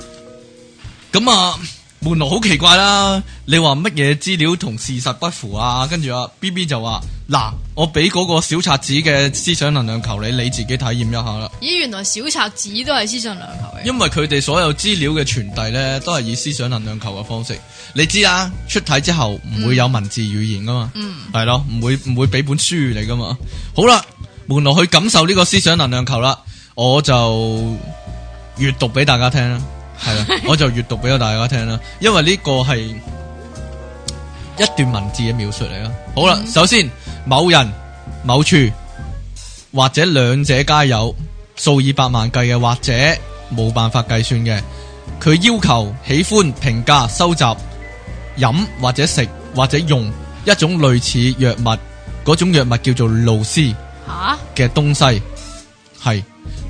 咁啊。門羅好奇怪啦！你話乜嘢資料同事實不符啊？跟住啊 B B 就話：嗱，我俾嗰個小冊子嘅思想能量球你，你自己體驗一下啦。咦，原來小冊子都係思想能量球嘅。因為佢哋所有資料嘅傳遞咧，都係以思想能量球嘅方式。你知啦，出體之後唔會有文字語言噶嘛，嗯，係咯，唔會唔會俾本書嚟噶嘛。好啦，門羅去感受呢個思想能量球啦，我就閱讀俾大家聽啦。係啦， 我就閱讀俾大家聽啦。因為呢個係一段文字嘅描述嚟啦。好啦，嗯、首先某人某處或者兩者皆有數以百萬計嘅，或者冇辦法計算嘅。佢要求喜歡評價收集飲或者食或者用一種類似藥物嗰種藥物叫做露絲吓嘅東西。係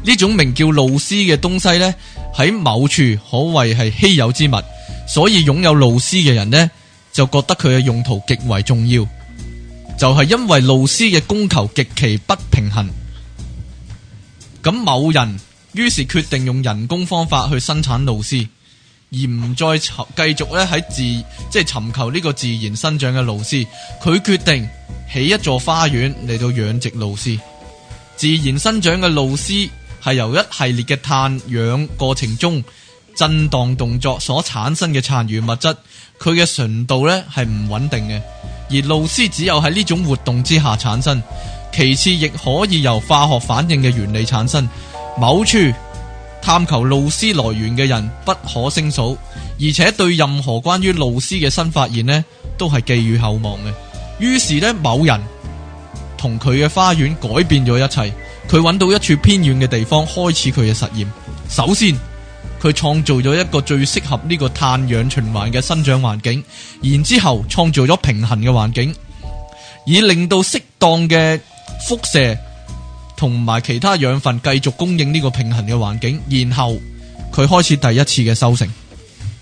呢種名叫露絲嘅東西呢。喺某處可謂係稀有之物，所以擁有露絲嘅人呢，就覺得佢嘅用途極為重要。就係、是、因為露絲嘅供求極其不平衡，咁某人於是決定用人工方法去生產露絲，而唔再尋繼續咧喺自即係、就是、尋求呢個自然生長嘅露絲。佢決定起一座花園嚟到養殖露絲，自然生長嘅露絲。係由一系列嘅碳氧過程中震盪動作所產生嘅殘餘物質，佢嘅純度呢係唔穩定嘅。而露絲只有喺呢種活動之下產生。其次，亦可以由化學反應嘅原理產生。某處探求露絲來源嘅人不可勝數，而且對任何關於露絲嘅新發現呢都係寄予厚望嘅。於是呢，某人同佢嘅花園改變咗一切。佢揾到一處偏遠嘅地方開始佢嘅實驗。首先，佢創造咗一個最適合呢個碳氧循環嘅生長環境，然之後創造咗平衡嘅環境，以令到適當嘅輻射同埋其他養分繼續供應呢個平衡嘅環境。然後，佢開始第一次嘅收成。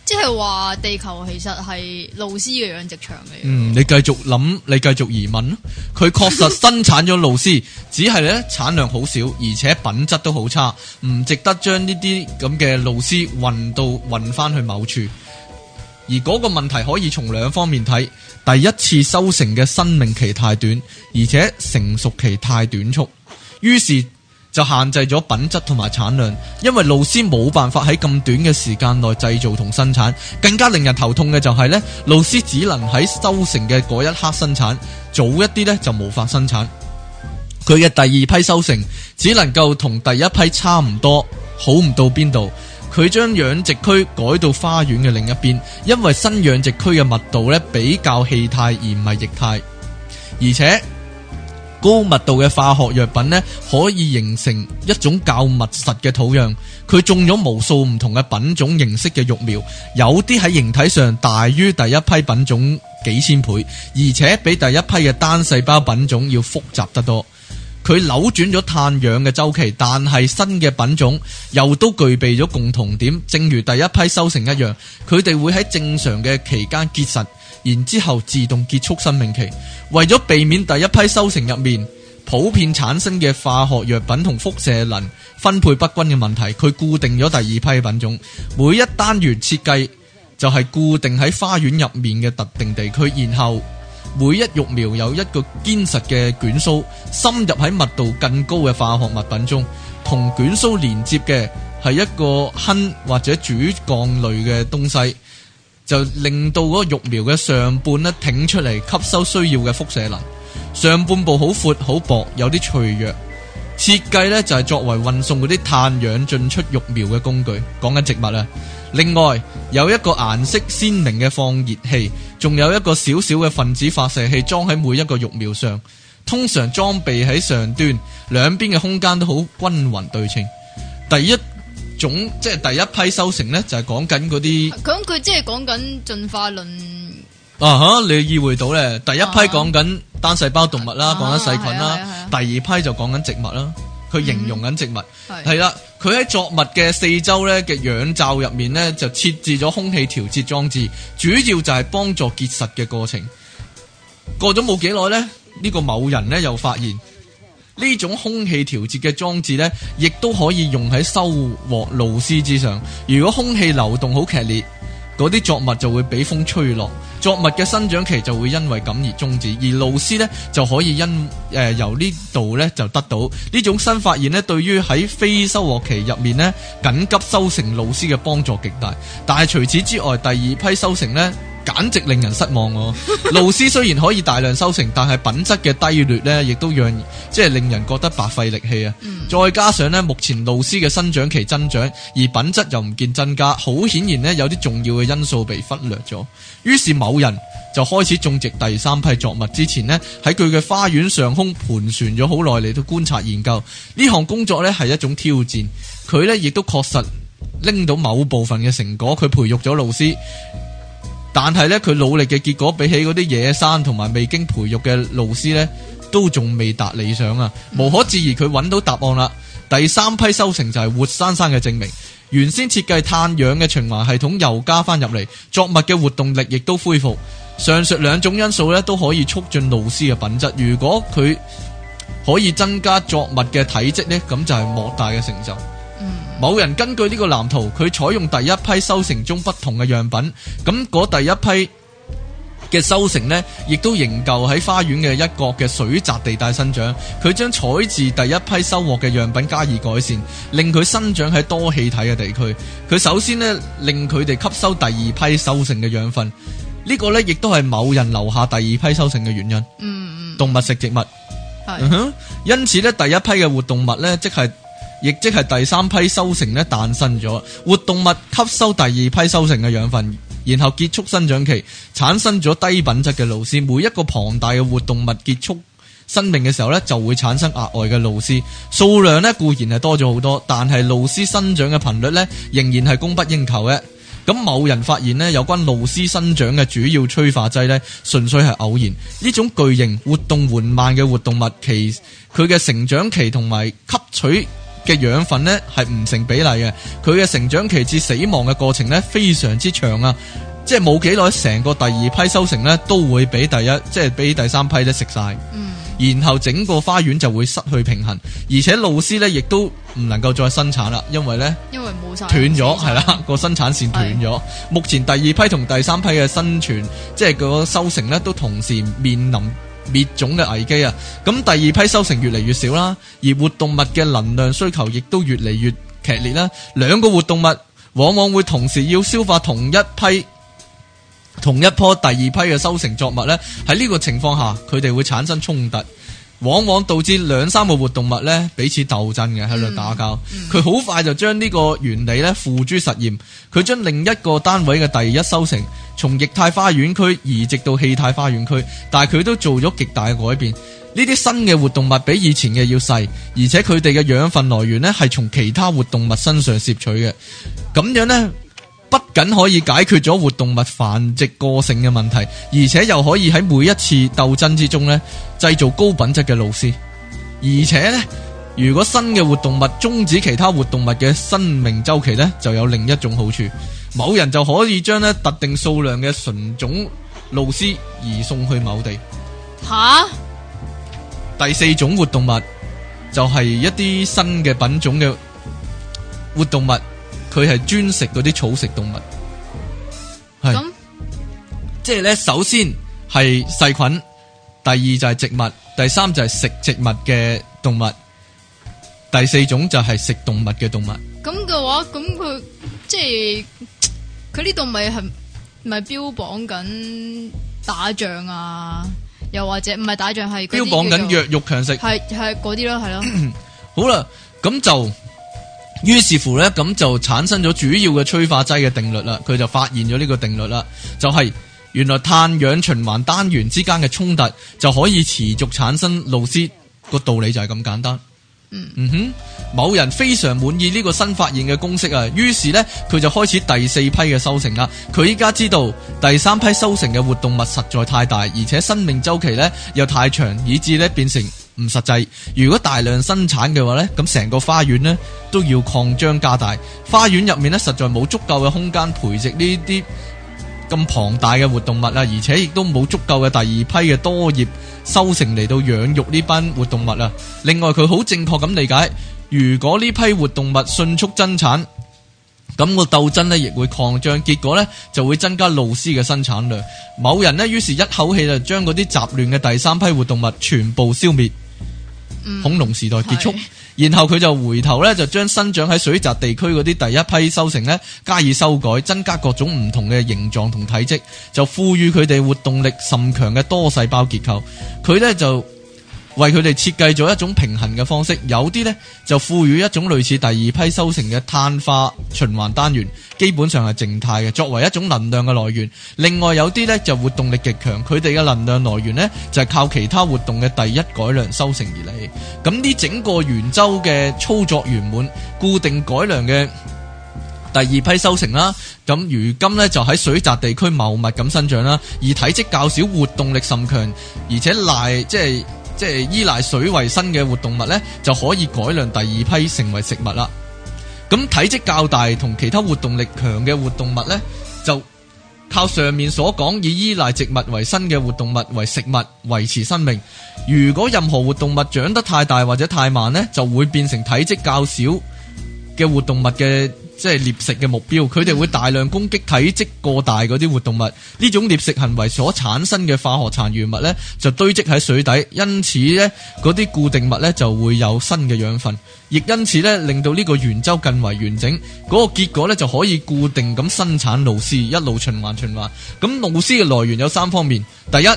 即係話地球其實係露絲嘅養殖場嚟。嗯，你繼續諗，你繼續疑問。佢確實生產咗露絲， 只係咧產量好少，而且品質都好差，唔值得將呢啲咁嘅露絲運到運翻去某處。而嗰個問題可以從兩方面睇：第一次收成嘅生命期太短，而且成熟期太短促，於是。就限制咗品質同埋產量，因為勞斯冇辦法喺咁短嘅時間內製造同生產。更加令人頭痛嘅就係呢勞斯只能喺收成嘅嗰一刻生產，早一啲呢就冇法生產。佢嘅第二批收成只能夠同第一批差唔多，好唔到邊度。佢將養殖區改到花園嘅另一邊，因為新養殖區嘅密度呢比較氣態而唔係液態，而且。高密度嘅化學藥品呢，可以形成一種較密實嘅土壤。佢種咗無數唔同嘅品種形式嘅育苗，有啲喺形體上大於第一批品種幾千倍，而且比第一批嘅單細胞品種要複雜得多。佢扭轉咗碳氧嘅周期，但係新嘅品種又都具備咗共同點，正如第一批收成一樣，佢哋會喺正常嘅期間結實。然之後自動結束生命期，為咗避免第一批收成入面普遍產生嘅化學藥品同輻射能分配不均嘅問題，佢固定咗第二批品種。每一單元設計就係固定喺花園入面嘅特定地區，然後每一育苗有一個堅實嘅卷須，深入喺密度更高嘅化學物品中，同卷須連接嘅係一個莖或者主幹類嘅東西。就令到嗰個育苗嘅上半咧挺出嚟，吸收需要嘅輻射能，上半部好闊好薄，有啲脆弱。設計呢就係、是、作為運送嗰啲碳氧進出育苗嘅工具，講緊植物啦。另外有一個顏色鮮明嘅放熱器，仲有一個小小嘅分子發射器裝喺每一個育苗上，通常裝備喺上端，兩邊嘅空間都好均勻對稱。第一。總即係第一批收成呢，就係講緊嗰啲。咁佢、啊、即係講緊進化論。啊哈，你意會到咧？第一批講緊單細胞動物啦，講緊細菌啦。啊啊啊啊、第二批就講緊植物啦，佢形容緊植物係啦。佢喺、嗯、作物嘅四周咧嘅氧罩入面呢，就設置咗空氣調節裝置，主要就係幫助結實嘅過程。過咗冇幾耐呢，呢、呢個某人呢，又發現。呢種空氣調節嘅裝置呢，亦都可以用喺收穫勞斯之上。如果空氣流動好劇烈，嗰啲作物就會俾風吹落，作物嘅生長期就會因為咁而終止，而勞斯呢就可以因誒、呃、由呢度呢就得到。呢種新發現呢，對於喺非收穫期入面呢，緊急收成勞斯嘅幫助極大。但係除此之外，第二批收成呢。簡直令人失望哦、啊！露絲雖然可以大量收成，但係品質嘅低劣呢，亦都讓即係令人覺得白費力氣啊！嗯、再加上呢，目前露絲嘅生長期增長，而品質又唔見增加，好顯然呢，有啲重要嘅因素被忽略咗。於是某人就開始種植第三批作物之前呢，喺佢嘅花園上空盤旋咗好耐嚟,到觀察研究呢項工作呢，係一種挑戰。佢呢，亦都確實拎到某部分嘅成果，佢培育咗露絲。但係咧，佢努力嘅結果比起嗰啲野生同埋未經培育嘅露絲呢，都仲未達理想啊！無可置疑，佢揾到答案啦。第三批收成就係活生生嘅證明。原先設計碳氧嘅循環系統又加翻入嚟，作物嘅活動力亦都恢復。上述兩種因素呢，都可以促進露絲嘅品質。如果佢可以增加作物嘅體積呢，咁就係莫大嘅成就。某人根據呢個藍圖，佢採用第一批收成中不同嘅樣品，咁嗰第一批嘅收成呢，亦都仍舊喺花園嘅一角嘅水澤地帶生長。佢將採自第一批收穫嘅樣品加以改善，令佢生長喺多氣體嘅地區。佢首先呢，令佢哋吸收第二批收成嘅養分。呢個呢，亦都係某人留下第二批收成嘅原因。嗯嗯，動物食植物，係是、嗯哼，因此呢，第一批嘅活動物呢，即係。亦即係第三批收成呢誕生咗，活動物吸收第二批收成嘅養分，然後結束生長期，產生咗低品質嘅勞絲。每一個龐大嘅活動物結束生命嘅時候呢，就會產生額外嘅勞絲，數量呢，固然係多咗好多，但係勞絲生長嘅頻率呢，仍然係供不應求嘅。咁某人發現呢，有關勞絲生長嘅主要催化劑呢，純粹係偶然。呢種巨型活動緩慢嘅活動物，其佢嘅成長期同埋吸取。嘅養分呢，係唔成比例嘅，佢嘅成長期至死亡嘅過程呢，非常之長啊，即係冇幾耐，成個第二批收成呢都會俾第一，即係俾第三批咧食晒，嗯、然後整個花園就會失去平衡，而且露絲呢亦都唔能夠再生產啦，因為呢，因為冇曬，斷咗係啦，個生產線斷咗，的目前第二批同第三批嘅生存，即係個收成呢都同時面臨滅種嘅危機啊！咁第二批收成越嚟越少啦，而活動物嘅能量需求亦都越嚟越劇烈啦。兩個活動物往往會同時要消化同一批、同一棵第二批嘅收成作物呢。喺呢個情況下，佢哋會產生衝突。往往導致兩三個活動物咧彼此鬥爭嘅喺度打交。佢好快就將呢個原理咧付諸實驗，佢將另一個單位嘅第一收成從液態花園區移植到氣態花園區，但係佢都做咗極大嘅改變。呢啲新嘅活動物比以前嘅要細，而且佢哋嘅養分來源咧係從其他活動物身上攝取嘅，咁樣呢。不僅可以解決咗活動物繁殖個性嘅問題，而且又可以喺每一次鬥爭之中呢製造高品質嘅露絲。而且呢，如果新嘅活動物終止其他活動物嘅生命週期呢，就有另一種好處。某人就可以將呢特定數量嘅純種露絲移送去某地。吓哈，第四種活動物就係、是、一啲新嘅品種嘅活動物。佢係專食嗰啲草食動物，係，即係咧，首先係細菌，第二就係植物，第三就係食植物嘅動物，第四種就係食動物嘅動物。咁嘅話，咁佢即係佢呢度咪係咪標榜緊打仗啊？又或者唔係打仗，係標榜緊弱肉強食，係係嗰啲咯，係咯 好啦，咁就。於是乎咧，咁就產生咗主要嘅催化劑嘅定律啦。佢就發現咗呢個定律啦，就係原來碳氧循環單元之間嘅衝突就可以持續產生露絲，個道理就係咁簡單。嗯哼，某人非常滿意呢個新發現嘅公式啊，於是呢，佢就開始第四批嘅收成啦。佢依家知道第三批收成嘅活動物實在太大，而且生命周期呢又太長，以致呢變成。唔實際。如果大量生產嘅話呢，咁成個花園咧都要擴張加大。花園入面咧實在冇足夠嘅空間培植呢啲咁龐大嘅活動物啊，而且亦都冇足夠嘅第二批嘅多葉收成嚟到養育呢班活動物啊。另外佢好正確咁理解，如果呢批活動物迅速增產，咁個鬥爭呢亦會擴張，結果呢就會增加露絲嘅生產量。某人呢，於是一口氣就將嗰啲雜亂嘅第三批活動物全部消滅。恐龍時代結束，是然後佢就回頭咧，就將生長喺水澤地區嗰啲第一批修成呢，加以修改，增加各種唔同嘅形狀同體積，就賦予佢哋活動力甚強嘅多細胞結構。佢咧就。為佢哋設計咗一種平衡嘅方式，有啲呢，就賦予一種類似第二批收成嘅碳化循環單元，基本上係靜態嘅，作為一種能量嘅來源。另外有啲呢，就活動力極強，佢哋嘅能量來源呢，就係靠其他活動嘅第一改良收成而嚟。咁呢整個圓周嘅操作圓滿，固定改良嘅第二批收成啦。咁如今呢，就喺水澤地區茂密咁生長啦，而體積較少，活動力甚強，而且賴即係。即係依賴水為生嘅活動物呢，就可以改良第二批成為食物啦。咁體積較大同其他活動力強嘅活動物呢，就靠上面所講以依賴植物為生嘅活動物為食物維持生命。如果任何活動物長得太大或者太慢呢，就會變成體積較小嘅活動物嘅。即係獵食嘅目標，佢哋會大量攻擊體積過大嗰啲活動物。呢種獵食行為所產生嘅化學殘餘物呢，就堆積喺水底，因此呢，嗰啲固定物呢，就會有新嘅養分，亦因此呢，令到呢個圓周更為完整。嗰個結果呢，就可以固定咁生產螺絲，一路循環循環。咁螺絲嘅來源有三方面：第一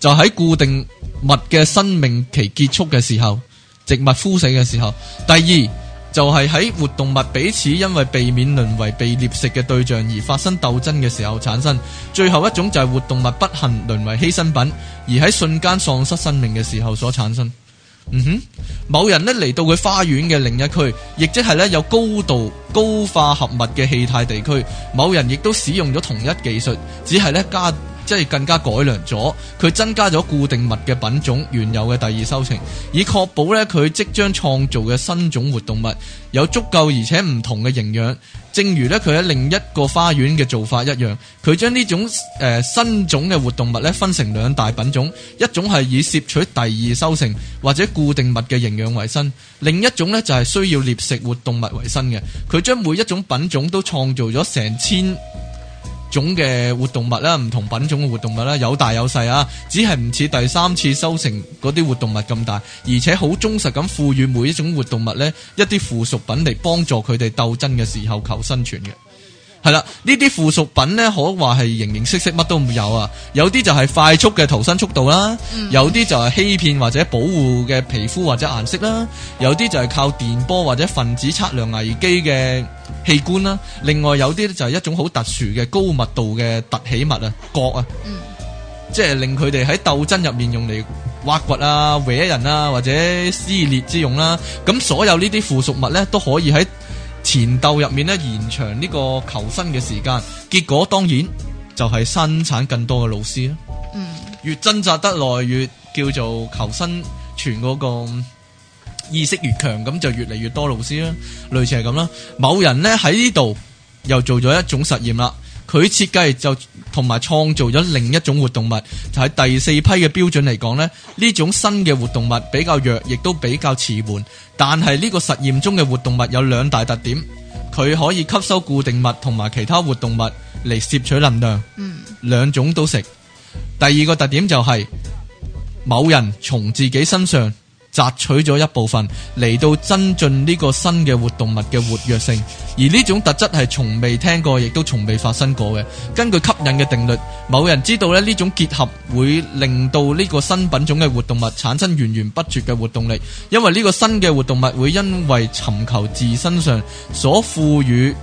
就喺固定物嘅生命期結束嘅時候，植物枯死嘅時候；第二。就係喺活動物彼此因為避免淪為被獵食嘅對象而發生鬥爭嘅時候產生，最後一種就係活動物不幸淪為犧牲品而喺瞬間喪失生命嘅時候所產生。嗯哼，某人呢嚟,到佢花園嘅另一區，亦即係呢有高度高化合物嘅氣態地區，某人亦都使用咗同一技術，只係呢加。即係更加改良咗，佢增加咗固定物嘅品種，原有嘅第二收成，以確保咧佢即將創造嘅新種活動物有足夠而且唔同嘅營養。正如咧佢喺另一個花園嘅做法一樣，佢將呢種誒、呃、新種嘅活動物咧分成兩大品種，一種係以攝取第二收成或者固定物嘅營養為生，另一種咧就係、是、需要獵食活動物為生嘅。佢將每一種品種都創造咗成千種嘅活動物啦，唔同品種嘅活動物啦，有大有細啊，只係唔似第三次收成嗰啲活動物咁大，而且好忠實咁賦予每一種活動物呢一啲附屬品嚟幫助佢哋鬥爭嘅時候求生存嘅。係啦，呢啲附屬品呢，可話係形形色色，乜都冇有啊！有啲就係快速嘅逃生速度啦，嗯、有啲就係欺騙或者保護嘅皮膚或者顏色啦，有啲就係靠電波或者分子測量危機嘅器官啦。另外有啲就係一種好特殊嘅高密度嘅突起物啊，角啊，嗯、即係令佢哋喺鬥爭入面用嚟挖掘啊、搣人啊或者撕裂之用啦、啊。咁所有呢啲附屬物呢，都可以喺前鬥入面咧，延長呢個求生嘅時間，結果當然就係生產更多嘅老師啦。嗯，越掙扎得耐，越叫做求生存嗰個意識越強，咁就越嚟越多老師啦。類似係咁啦。某人呢喺呢度又做咗一種實驗啦。佢設計就同埋創造咗另一種活動物，就係、是、第四批嘅標準嚟講咧，呢種新嘅活動物比較弱，亦都比較遲緩。但係呢個實驗中嘅活動物有兩大特點，佢可以吸收固定物同埋其他活動物嚟攝取能量，嗯、兩種都食。第二個特點就係、是、某人從自己身上，摘取咗一部分嚟到增進呢個新嘅活動物嘅活躍性，而呢種特質係從未聽過，亦都從未發生過嘅。根據吸引嘅定律，某人知道咧，呢種結合會令到呢個新品種嘅活動物產生源源不絕嘅活動力，因為呢個新嘅活動物會因為尋求自身上所賦予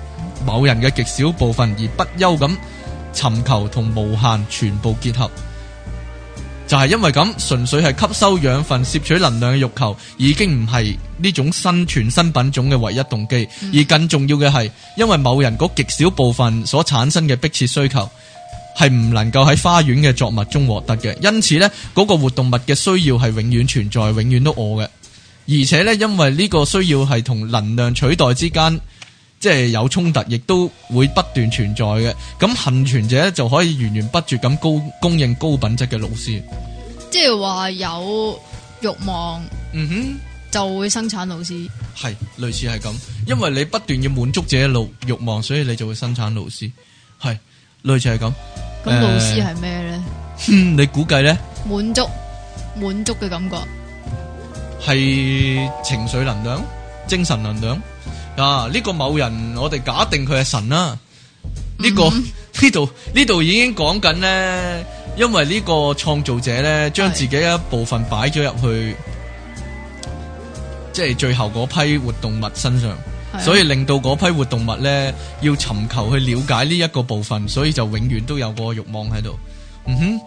某人嘅極少部分而不休咁尋求同無限全部結合。就係因為咁，純粹係吸收養分、攝取能量嘅欲求，已經唔係呢種生存新品種嘅唯一動機。嗯、而更重要嘅係，因為某人嗰極小部分所產生嘅迫切需求，係唔能夠喺花園嘅作物中獲得嘅。因此呢，嗰、那個活動物嘅需要係永遠存在，永遠都餓嘅。而且呢，因為呢個需要係同能量取代之間。即係有衝突，亦都會不斷存在嘅。咁倖存者就可以源源不絕咁供應高品質嘅老師。即係話有欲望，嗯哼，就會生產老師。係類似係咁，因為你不斷要滿足這一路欲望，所以你就會生產老師。係類似係咁。咁老師係咩咧？你估計咧？滿足，滿足嘅感覺係情緒能量，精神能量。啊！呢、這個某人，我哋假定佢係神啦、啊。呢、這個呢度呢度已經講緊呢，因為呢個創造者咧，將自己一部分擺咗入去，的即係最後嗰批活動物身上，的所以令到嗰批活動物咧，要尋求去了解呢一個部分，所以就永遠都有個欲望喺度。嗯哼，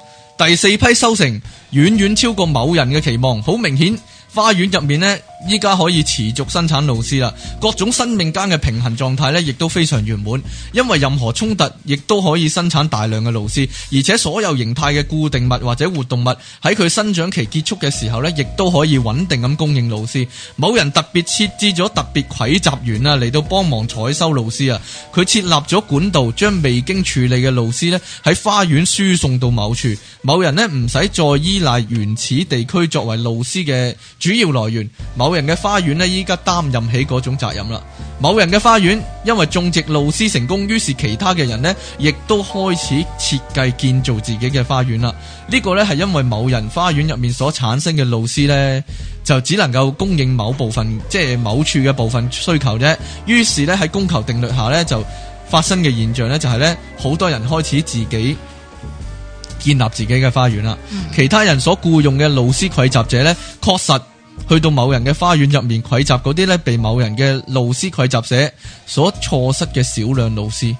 第四批收成遠遠超過某人嘅期望，好明顯，花園入面咧。依家可以持續生產露絲啦，各種生命間嘅平衡狀態呢，亦都非常圓滿。因為任何衝突，亦都可以生產大量嘅露絲，而且所有形態嘅固定物或者活動物喺佢生長期結束嘅時候呢，亦都可以穩定咁供應露絲。某人特別設置咗特別攜集員啊，嚟到幫忙採收露絲啊。佢設立咗管道，將未經處理嘅露絲呢，喺花園輸送到某處。某人呢，唔使再依賴原始地區作為露絲嘅主要來源。某人嘅花園呢，依家擔任起嗰種責任啦。某人嘅花園因為種植路絲成功，於是其他嘅人呢，亦都開始設計建造自己嘅花園啦。呢個呢，係因為某人花園入面所產生嘅路絲呢，就只能夠供應某部分，即係某處嘅部分需求啫。於是呢，喺供求定律下呢，就發生嘅現象呢，就係呢，好多人開始自己建立自己嘅花園啦。其他人所僱用嘅路絲匯集者呢，確實。去到某人嘅花園入面愧，匯集嗰啲呢，被某人嘅勞師匯集者所錯失嘅少量勞師。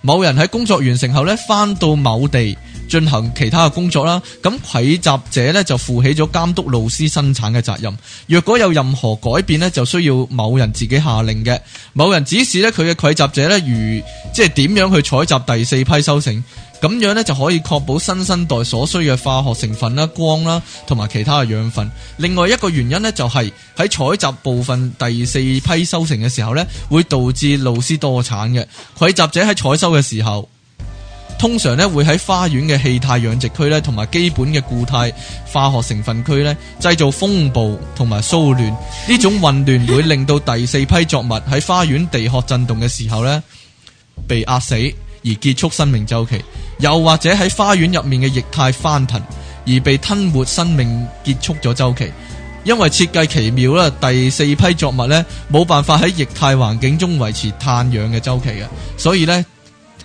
某人喺工作完成後呢，返到某地進行其他嘅工作啦。咁匯集者呢，就負起咗監督勞師生產嘅責任。若果有任何改變呢，就需要某人自己下令嘅。某人指示呢，佢嘅匯集者呢，如即係點樣去採集第四批收成。咁樣呢，就可以確保新生代所需嘅化學成分啦、光啦，同埋其他嘅養分。另外一個原因呢、就是，就係喺採集部分第四批收成嘅時候呢，會導致露絲多產嘅。採集者喺採收嘅時候，通常呢，會喺花園嘅氣態養殖區呢，同埋基本嘅固態化學成分區呢，製造風暴同埋騷亂。呢種混亂會令到第四批作物喺花園地殼震動嘅時候呢，被壓死而結束生命周期。又或者喺花園入面嘅液態翻騰，而被吞沒，生命結束咗周期。因為設計奇妙啦，第四批作物呢，冇辦法喺液態環境中維持碳氧嘅周期嘅，所以呢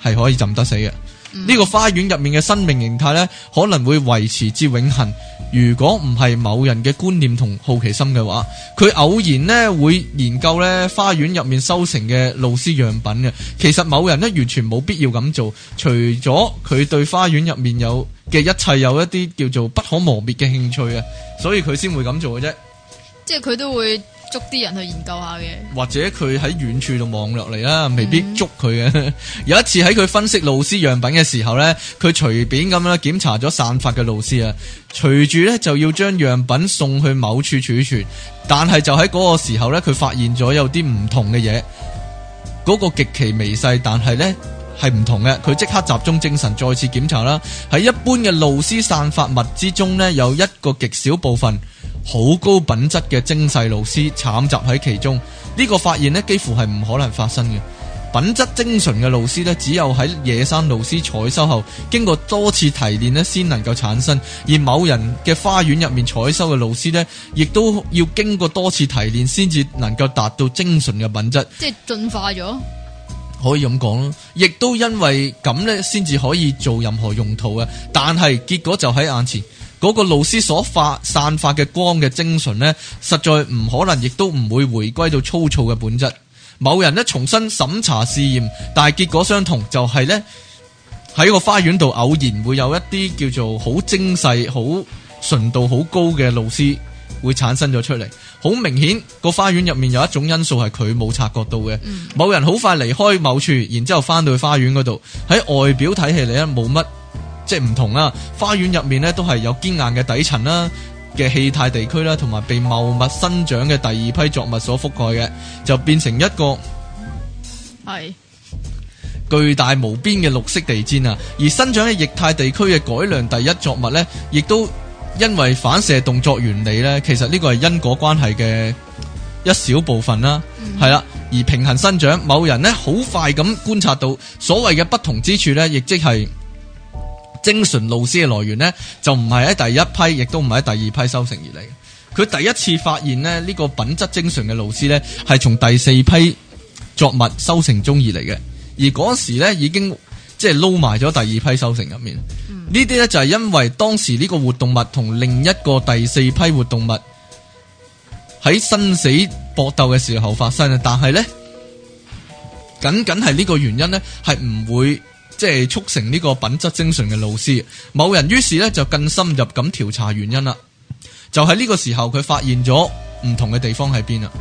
係可以浸得死嘅。呢個花園入面嘅生命形態咧，可能會維持至永恆。如果唔係某人嘅觀念同好奇心嘅話，佢偶然咧會研究咧花園入面收成嘅露絲樣品嘅。其實某人咧完全冇必要咁做，除咗佢對花園入面有嘅一切有一啲叫做不可磨滅嘅興趣啊，所以佢先會咁做嘅啫。即係佢都會。捉啲人去研究下嘅，或者佢喺遠處度望落嚟啦，未必捉佢嘅。嗯、 有一次喺佢分析露絲樣品嘅時候呢，佢隨便咁樣檢查咗散發嘅露絲啊，隨住呢，就要將樣品送去某處儲存，但係就喺嗰個時候呢，佢發現咗有啲唔同嘅嘢，嗰、嗰個極其微細，但係呢係唔同嘅。佢即刻集中精神再次檢查啦。喺一般嘅露絲散發物之中呢，有一個極少部分。好高品質嘅精細露絲摻雜，喺其中，呢、呢個發現呢，幾乎係唔可能發生嘅。品質精純嘅露絲呢只有喺野生露絲採收後，經過多次提煉呢先能夠產生。而某人嘅花園入面採收嘅露絲呢亦都要經過多次提煉，先至能夠達到精純嘅品質。即係進化咗，可以咁講咯。亦都因為咁呢先至可以做任何用途嘅。但係結果就喺眼前。嗰個老師所發散發嘅光嘅精神呢，實在唔可能，亦都唔會回歸到粗糙嘅本質。某人咧重新審查試驗，但係結果相同，就係呢：喺個花園度偶然會有一啲叫做好精細、好純度好高嘅老師會產生咗出嚟。好明顯，個花園入面有一種因素係佢冇察覺到嘅。嗯、某人好快離開某處，然之後翻到去花園嗰度，喺外表睇起嚟咧冇乜。即係唔同啦、啊，花園入面呢都係有堅硬嘅底層啦、啊，嘅氣態地區啦、啊，同埋被茂密生長嘅第二批作物所覆蓋嘅，就變成一個係巨大無邊嘅綠色地氈啊！而生長喺液態地區嘅改良第一作物呢，亦都因為反射動作原理呢，其實呢個係因果關係嘅一小部分啦、啊，係啦、嗯，而平衡生長，某人呢好快咁觀察到所謂嘅不同之處呢，亦即係。精純老師嘅來源呢，就唔係喺第一批，亦都唔係喺第二批收成而嚟。佢第一次發現咧，呢、呢個品質精純嘅老師呢，係從第四批作物收成中而嚟嘅。而嗰時咧，已經即係撈埋咗第二批收成入面。呢啲、嗯、呢，就係、係、因為當時呢個活動物同另一個第四批活動物喺生死搏鬥嘅時候發生啊！但係呢，僅僅係呢個原因呢，係唔會。即係促成呢個品質精神嘅老師，某人於是咧就更深入咁調查原因啦。就喺呢個時候，佢發現咗唔同嘅地方喺邊啦。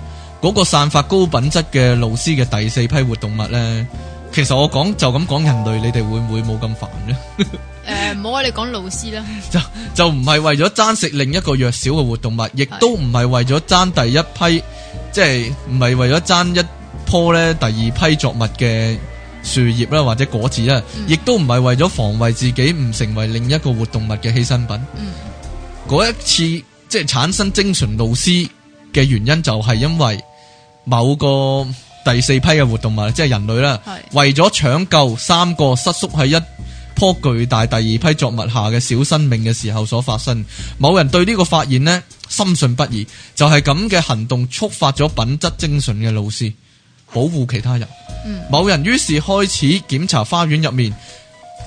嗰、嗰個散發高品質嘅老師嘅第四批活動物呢？其實我講就咁講人類，你哋會唔會冇咁煩咧？誒 、呃，唔好啊，你講老師啦。 就就唔係為咗爭食另一個弱小嘅活動物，亦都唔係為咗爭第一批，即係唔係為咗爭一棵咧第二批作物嘅。樹葉啦，或者果子啦，亦都唔係為咗防衛自己，唔成為另一個活動物嘅犧牲品。嗰、嗯、一次即係、就是、產生精神老師嘅原因，就係因為某個第四批嘅活動物，即、就、係、是、人類啦，是為咗搶救三個失縮喺一棵巨大第二批作物下嘅小生命嘅時候所發生。某人對呢個發現咧深信不疑，就係咁嘅行動觸發咗品質精神嘅老師。保護其他人。嗯、某人於是開始檢查花園入面，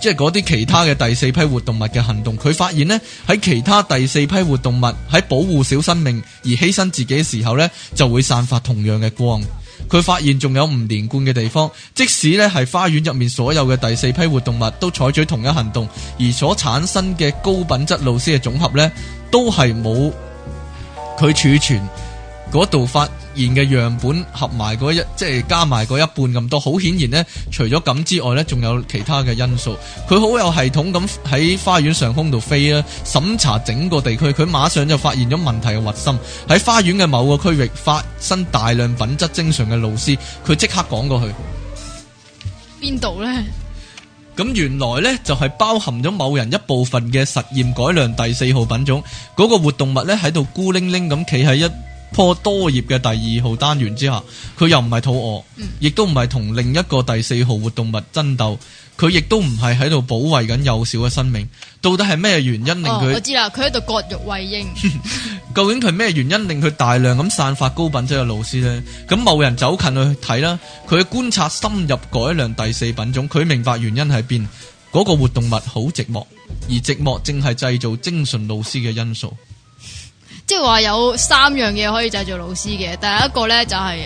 即係嗰啲其他嘅第四批活動物嘅行動。佢發現呢，喺其他第四批活動物喺保護小生命而犧牲自己嘅時候呢，就會散發同樣嘅光。佢發現仲有唔連貫嘅地方，即使呢係花園入面所有嘅第四批活動物都採取同一行動，而所產生嘅高品質露絲嘅總合呢，都係冇佢儲存。嗰度發現嘅樣本合埋嗰一即係加埋嗰一半咁多，好顯然呢，除咗咁之外呢，仲有其他嘅因素。佢好有系統咁喺花園上空度飛啦，審查整個地區，佢馬上就發現咗問題嘅核心喺花園嘅某個區域發生大量品質正常嘅露絲，佢即刻趕過去邊度呢？咁原來呢，就係包含咗某人一部分嘅實驗改良第四號品種嗰個活動物呢，喺度孤零零咁企喺一。破多葉嘅第二號單元之下，佢又唔係肚餓，亦都唔係同另一個第四號活動物爭鬥，佢亦都唔係喺度保衛緊幼小嘅生命。到底係咩原因令佢、哦？我知啦，佢喺度割肉餵鷹。 究竟佢咩原因令佢大量咁散發高品質嘅老師呢？咁某人走近去睇啦，佢嘅觀察深入改良第四品種，佢明白原因喺邊。嗰、那個活動物好寂寞，而寂寞正係製造精神老師嘅因素。即係話有三樣嘢可以製造老師嘅，第一個咧就係誒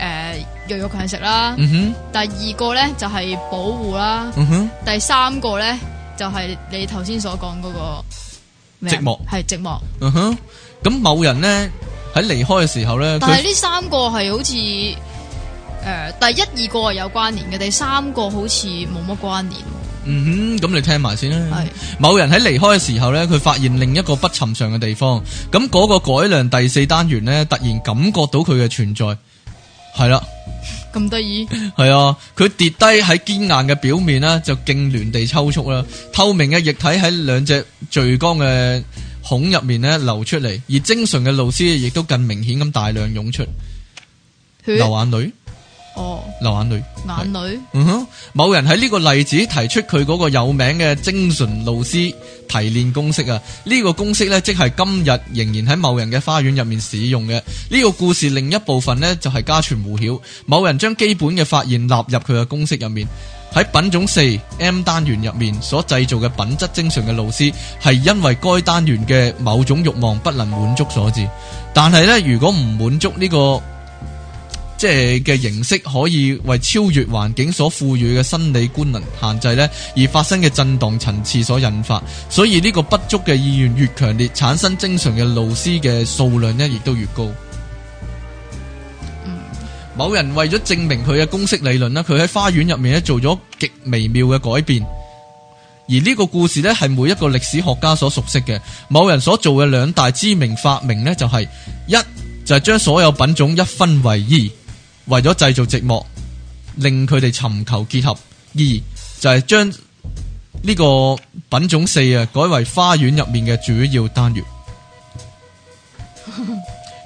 誒弱肉強食啦，嗯哼，第二個咧就係保護啦，嗯哼，第三個咧就係你頭先所講嗰個寂寞，係寂寞。哼，咁某人咧喺離開嘅時候咧，但係呢三個係好似誒、呃，第一二個係有關聯嘅，第三個好似冇乜關聯。嗯哼，咁你聽埋先啦。是某人喺離開嘅時候呢，佢發現另一個不尋常嘅地方。咁嗰個改良第四單元呢，突然感覺到佢嘅存在。係啦，咁得意？係 啊，佢跌低喺堅硬嘅表面呢，就痙攣地抽搐啦。透明嘅液體喺兩隻聚光嘅孔入面呢流出嚟，而精神嘅露絲亦都更明顯咁大量湧出，血流眼淚。流眼淚，是眼淚淚。嗯哼，某人喺呢個例子提出佢嗰個有名嘅精純露絲提煉公式啊，呢、這個公式呢，即係今日仍然喺某人嘅花園入面使用嘅。呢、這個故事另一部分呢，就係、是、家傳戶曉，某人將基本嘅發現納入佢嘅公式入面。喺品種四 M 單元入面所製造嘅品質精純嘅露絲，係因為該單元嘅某種慾望不能滿足所致。但係呢，如果唔滿足呢、這個。即係嘅形式，可以為超越環境所賦予嘅生理官能限制呢，而發生嘅震蕩層次所引發。所以呢個不足嘅意願越強烈，產生精神嘅勞斯嘅數量呢，亦都越高。嗯、某人為咗證明佢嘅公式理論呢，佢喺花園入面呢做咗極微妙嘅改變。而呢個故事呢，係每一個歷史學家所熟悉嘅。某人所做嘅兩大知名發明呢，就係、是、一就係、是、將所有品種一分為二。為咗製造寂寞，令佢哋尋求結合，二就係將呢個品種四啊改為花園入面嘅主要單元。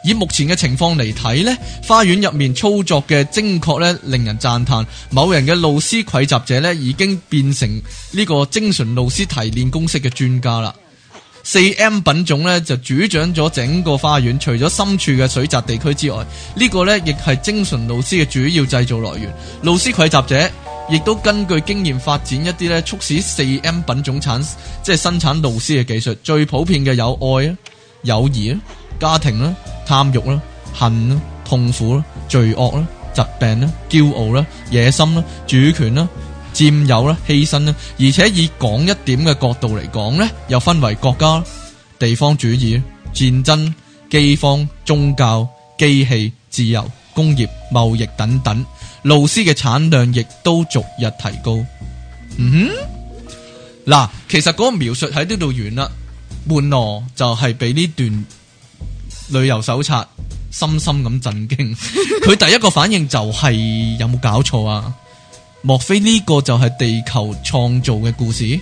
以目前嘅情況嚟睇呢，花園入面操作嘅精確呢，令人讚嘆。某人嘅露絲匯集者呢，已經變成呢個精純露絲提煉公式嘅專家啦。四 M 品種咧就主掌咗整個花園，除咗深處嘅水澤地區之外，這個、呢個咧亦係精純老師嘅主要製造來源。老師攜集者亦都根據經驗發展一啲咧促使四 M 品種產即係生產老師嘅技術。最普遍嘅有愛啊、友誼啊、家庭啦、貪欲啦、恨啊、痛苦啦、罪惡啦、疾病啦、驕傲啦、野心啦、主權啦，佔有咧，犧牲咧，而且以講一點嘅角度嚟講咧，又分為國家、地方主義、戰爭、飢荒、宗教、機器、自由、工業、貿易等等。勞斯嘅產量亦都逐日提高。嗯哼，嗱，其實嗰個描述喺呢度完啦。門羅就係俾呢段旅遊手冊深深咁震驚，佢 第一個反應就係、是、有冇搞錯啊？莫非呢個就係地球創造嘅故事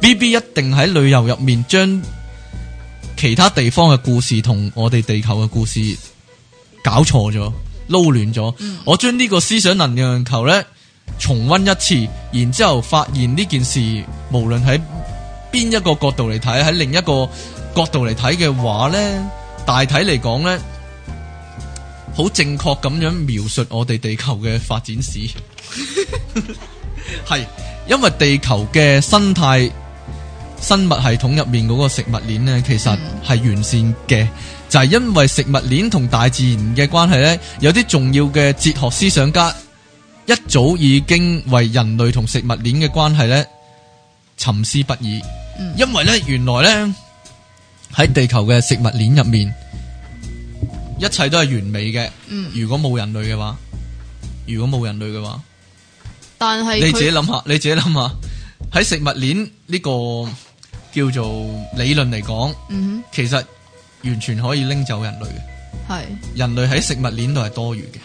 ？BB 一定喺旅遊入面將其他地方嘅故事同我哋地球嘅故事搞錯咗，撈亂咗。嗯、我將呢個思想能量球呢，重温一次，然之後發現呢件事無論喺邊一個角度嚟睇，喺另一個角度嚟睇嘅話呢，大體嚟講呢，好正確咁樣描述我哋地球嘅發展史。係， 因為地球嘅生態、生物系統入面嗰個食物鏈呢，其實係完善嘅。嗯、就係因為食物鏈同大自然嘅關係呢，有啲重要嘅哲學思想家一早已經為人類同食物鏈嘅關係呢，沉思不已。嗯、因為呢，原來呢，喺地球嘅食物鏈入面，一切都係完美嘅。嗯、如果冇人類嘅話，如果冇人類嘅話。但係你自己諗下，你自己諗下，喺食物鏈呢個叫做理論嚟講，嗯哼，其實完全可以拎走人類嘅。係人類喺食物鏈度係多餘嘅。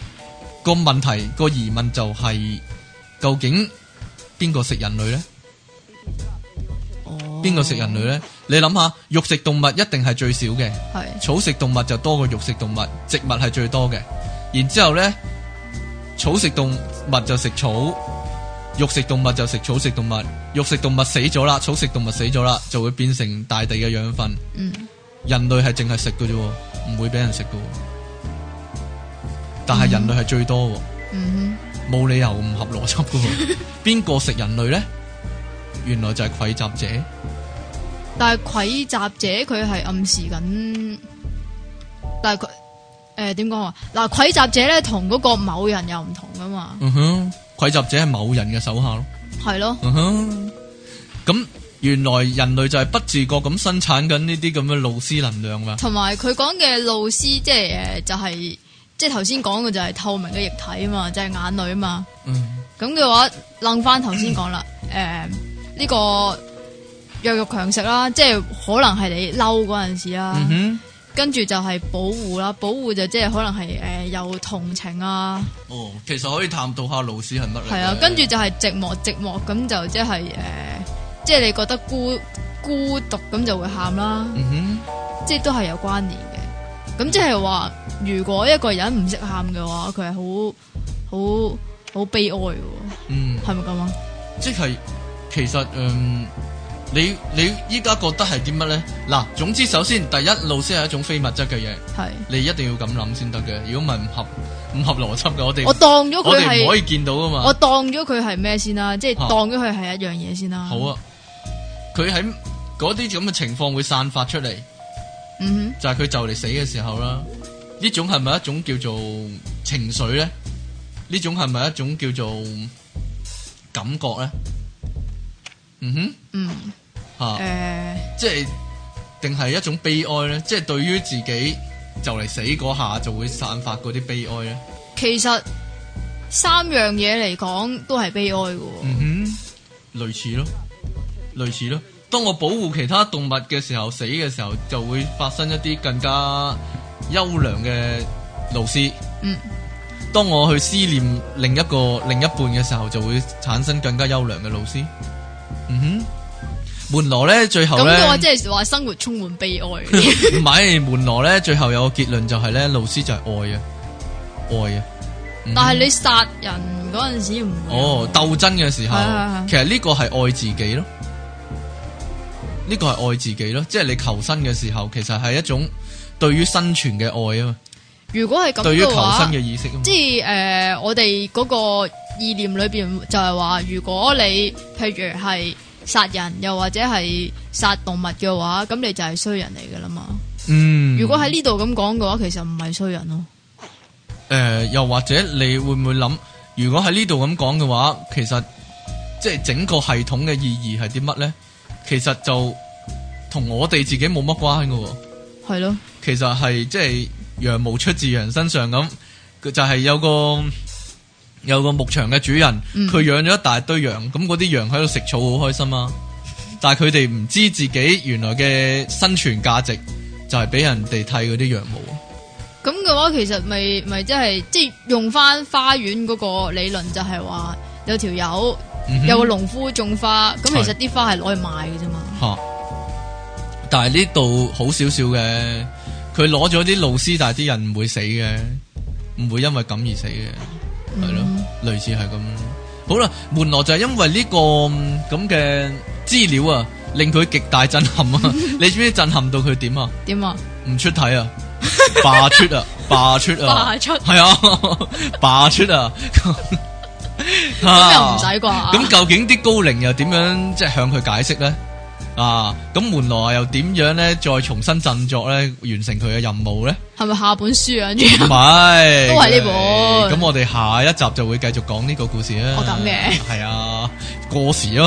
個問題個疑問就係，究竟邊個食人類咧？邊個食人類咧？你諗下，肉食動物一定係最少嘅。係草食動物就多過肉食動物，植物係最多嘅。然之後咧，草食動物就食草。肉食動物就食草食動物，肉食動物死咗啦，草食動物死咗啦，就會變成大地嘅養分。嗯、人類係淨係食嘅啫，唔會俾人食嘅。但係人類係最多，冇、嗯、哼理由唔合邏輯噶。邊個 食人類呢？原來就係儈雜者。但係儈雜者佢係暗示緊，但係佢誒點講啊？嗱、呃，儈雜者咧同嗰個某人又唔同噶嘛。嗯哼彙集者係某人嘅手下咯，係咯，咁、uh huh. 原來人類就係不自覺咁生產緊呢啲咁嘅露絲能量，就是就是就是、嘛。同埋佢講嘅露絲，即係誒，就係即係頭先講嘅就係透明嘅液體啊嘛，即係眼淚啊嘛。咁嘅話，諗返頭先講啦，誒，呢個弱肉強食啦，即係可能係你嬲嗰陣時啦。嗯哼跟住就係保護啦，保護就即係可能係誒、呃、有同情啊。哦，其實可以探討下老師係乜嚟？係啊，跟住就係寂寞，寂寞咁就即係誒，即、呃、係、就係、你覺得孤孤獨咁就會喊啦。嗯、哼，即係都係有關聯嘅。咁即係話，如果一個人唔識喊嘅話，佢係好好好悲哀嘅。嗯，係咪咁啊？即係其實嗯。呃你你依家覺得係點乜咧？嗱，總之首先第一，老師係一種非物質嘅嘢，係你一定要咁諗先得嘅。如果唔係唔合唔合邏輯嘅，我哋我當咗佢係我哋唔可以見到噶嘛。我當咗佢係咩先啦？即係當咗佢係一樣嘢先啦。好啊，佢喺嗰啲咁嘅情況會散發出嚟，嗯哼，就係佢就嚟死嘅時候啦。呢種係咪一種叫做情緒咧？呢種係咪一種叫做感覺咧？嗯哼，嗯。誒、啊，即係定係一種悲哀呢？即係對於自己就嚟死嗰下，就會散發嗰啲悲哀呢？其實三樣嘢嚟講都係悲哀嘅，哦。嗯哼，類似咯，類似咯。當我保護其他動物嘅時候，死嘅時候就會發生一啲更加優良嘅勞思。嗯，當我去思念另一個另一半嘅時候，就會產生更加優良嘅勞思。嗯哼。門羅咧，最後咧，咁即係話生活充滿悲哀。唔係， 門羅咧，最後有個結論就係、是、咧，老師就係愛啊，愛啊。嗯、但係你殺人嗰陣時唔哦鬥爭嘅時候， 其實呢個係愛自己咯。呢、這個係愛自己咯，即係你求生嘅時候，其實係一種對於生存嘅愛啊嘛。如果係咁，對於求生嘅意識啊，即係誒、呃，我哋嗰個意念裏邊就係話，如果你譬如係。殺人又或者係殺動物嘅話，咁你就係衰人嚟嘅啦嘛。嗯，如果喺呢度咁講嘅話，其實唔係衰人咯。誒、呃，又或者你會唔會諗，如果喺呢度咁講嘅話，其實即係、就是、整個系統嘅意義係啲乜咧？其實就同我哋自己冇乜關嘅喎。係咯的。其實係即係羊毛出自羊身上咁，就係、是、有個。有個牧場嘅主人，佢養咗一大堆羊，咁嗰啲羊喺度食草好開心啊！但係佢哋唔知自己原來嘅生存價值就係、是、俾人哋剃嗰啲羊毛。咁嘅話，其實咪咪即係即係用翻花園嗰個理論，就係話有條友有個農夫種花，咁、嗯、哼其實啲花係攞去賣嘅啫嘛。但係呢度好少少嘅，佢攞咗啲露絲，但係啲人唔會死嘅，唔會因為咁而死嘅。係咯，類似係咁。好啦，門羅就係因為呢、這個咁嘅資料啊，令佢極大震撼啊！ 你知唔知震撼到佢點啊？點啊？唔出體啊，罷 出啊，罷出， 出啊，罷出係啊，罷出啊，咁又唔使啩？咁究竟啲高靈又點樣即係 向佢解釋咧？啊！咁門羅又點樣咧？再重新振作咧，完成佢嘅任務咧？係咪下本書啊？唔係是，都係呢本。咁我哋下一集就會繼續講呢個故事啦。我等嘅係啊，過時啊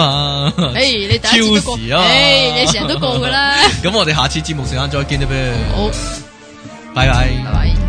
嘛。誒、欸，你第一次都誒、啊欸，你成日都過噶啦。咁 我哋下次節目時間再見啦，不如好，拜拜。Bye bye bye bye